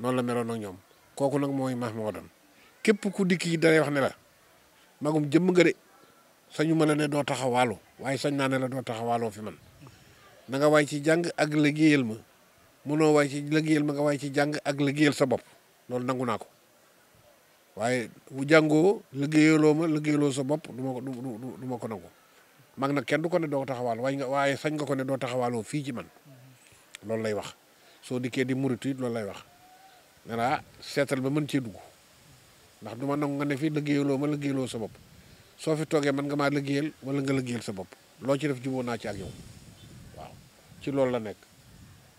noonu la meloon nag ñoom kooku nag mooy Mahmoudan képp ku dikk yi dalay wax ne la magum jëmm nga de sañu ma la ne doo taxawaaloo waaye sañ naa ne doo taxawaaloo fi man na nga waay ci jàng ak liggéeyal ma mënoo waay ci liggéeyal ma nga waay ci jàng ak liggéeyal sa bopp loolu nangu naa ko waaye bu jàngoo liggéeyaloo ma liggéeyaloo sa bopp du ma ko du ma ko nangu mag nag kenn ko ne doo taxawaaloo waaye nga waaye sañ ko ne doo taxawaaloo fii ci man loolu lay wax soo dikkee di muritu loolu lay wax ne naa ah, ba mën cee dugg ndax du ma nangu nga ne fii liggéeyaloo ma liggéeyaloo sa bopp soo fi toogee man nga maa liggéeyal wala nga liggéeyal sa bopp loo ci def juboo naa ci ak yow waaw ci loolu la nekk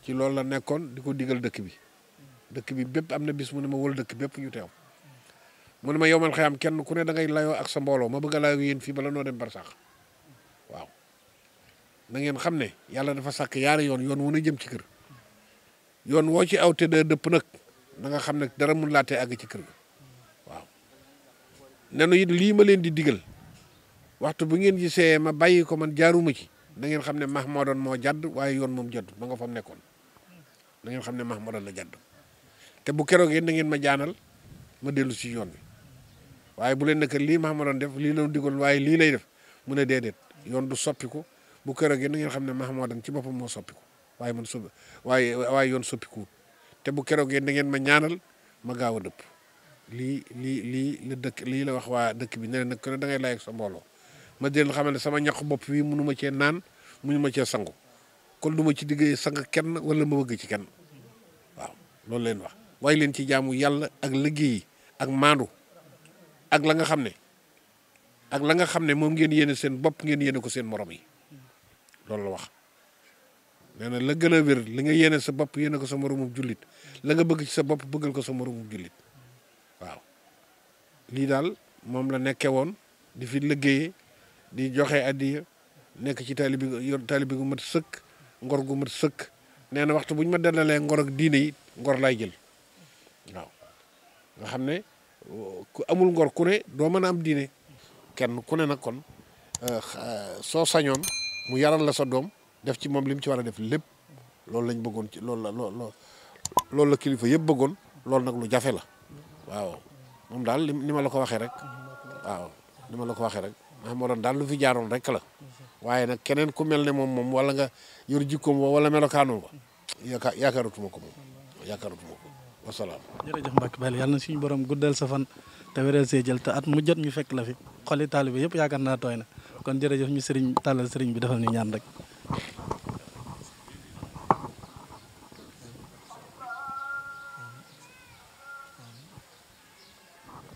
ci loolu la nekkoon di ko digal dëkk bi dëkk bi bépp am na bis mu ne ma wal dëkk bépp ñu teew mu ne ma yomal xëyam kenn ku ne da ngay layoo ak sa mbooloo ma bëgg a layoo yéen fii bala noo dem barsax waaw na ngeen xam ne yàlla dafa sàkk yaari yoon yoon wu na jëm ci kër yoon woo ci aw te dëpp nag na xam ne dara mun laa tee àgg ci kër nenu it lii ma leen di digal waxtu bu ngeen gisee ma bàyyi ko man jaaruma ci da ngeen xam ne Mahmadan moo jadd waaye yoon moom jadd ma nga fa mu nekkoon da xam ne Mahmadan la jadd te bu keroog yéen da ngeen ma jaanal ma dellu si yoon bi waaye bu leen nekk lii Mahmadan def lii la digal waaye lii lay def mu ne déedéet yoon du soppiku bu keroog yéen da ngeen xam ne max Mahmadan ci boppam moo soppiku waaye man su waaye waaye yoon te bu keroog yéen da ngeen ma ñaanal ma gaaw a dëpp lii lii lii la lii la wax waa dëkk bi ne nag ku ne da ngay laaj sa mbooloo ma di leen xamal ne sama ñaq bopp bi mënu ma cee naan mënu ma cee sangu kon du ma ci diggee sang kenn walla ma bëgg ci kenn waaw loolu leen wax waaye leen ci jaamu yàlla ak liggéey ak maandu ak la nga xam ne ak la nga xam ne moom ngeen yéene seen bopp ngeen yéene ko seen morom yi loolu la wax nee na la gën a wér li nga yéene sa bopp yéene ko sa moromu jullit la nga bëgg ci sa bopp bëggal ko sa moromu jullit lii daal moom la nekkee woon di fi liggéeye di joxe addiya nekk ci taalibi yor taalibi gu mat sëkk ngor gu mat sëkk nee na waxtu bu ñu ma dalalee ngor ak diine yi ngor laay jël waaw nga xam ne ku amul ngor ku ne doo mën am diine kenn ku ne nag kon euh, soo sañoon mu yaral la sa doom def ci moom li ci war a def lépp loolu lañ bëggoon ci loolu la loolu la kilifa yëpp bëggoon loolu nag lu jafe la waaw moom daal li ma la ko waxee rek waaw li ma la ko waxee rek ma moo doon daal lu fi jaaroon rek la waaye nag keneen ku mel ne moom moom wala nga yor jikkoom ba wala melokaanoo ba yaakaar yaakaaratuma ko moom yaakaaratuma ko wasalaam. jërëjëf Mbacke Bally yàlla na suñu borom guddal sa fan te wéral see jël te at mu jot ñu fekk la fi xoli taalibe yëpp yaakaar naa tooy na kon jërëjëf ñu sëriñ tàllal sëriñ bi defal ñu ñaan rek.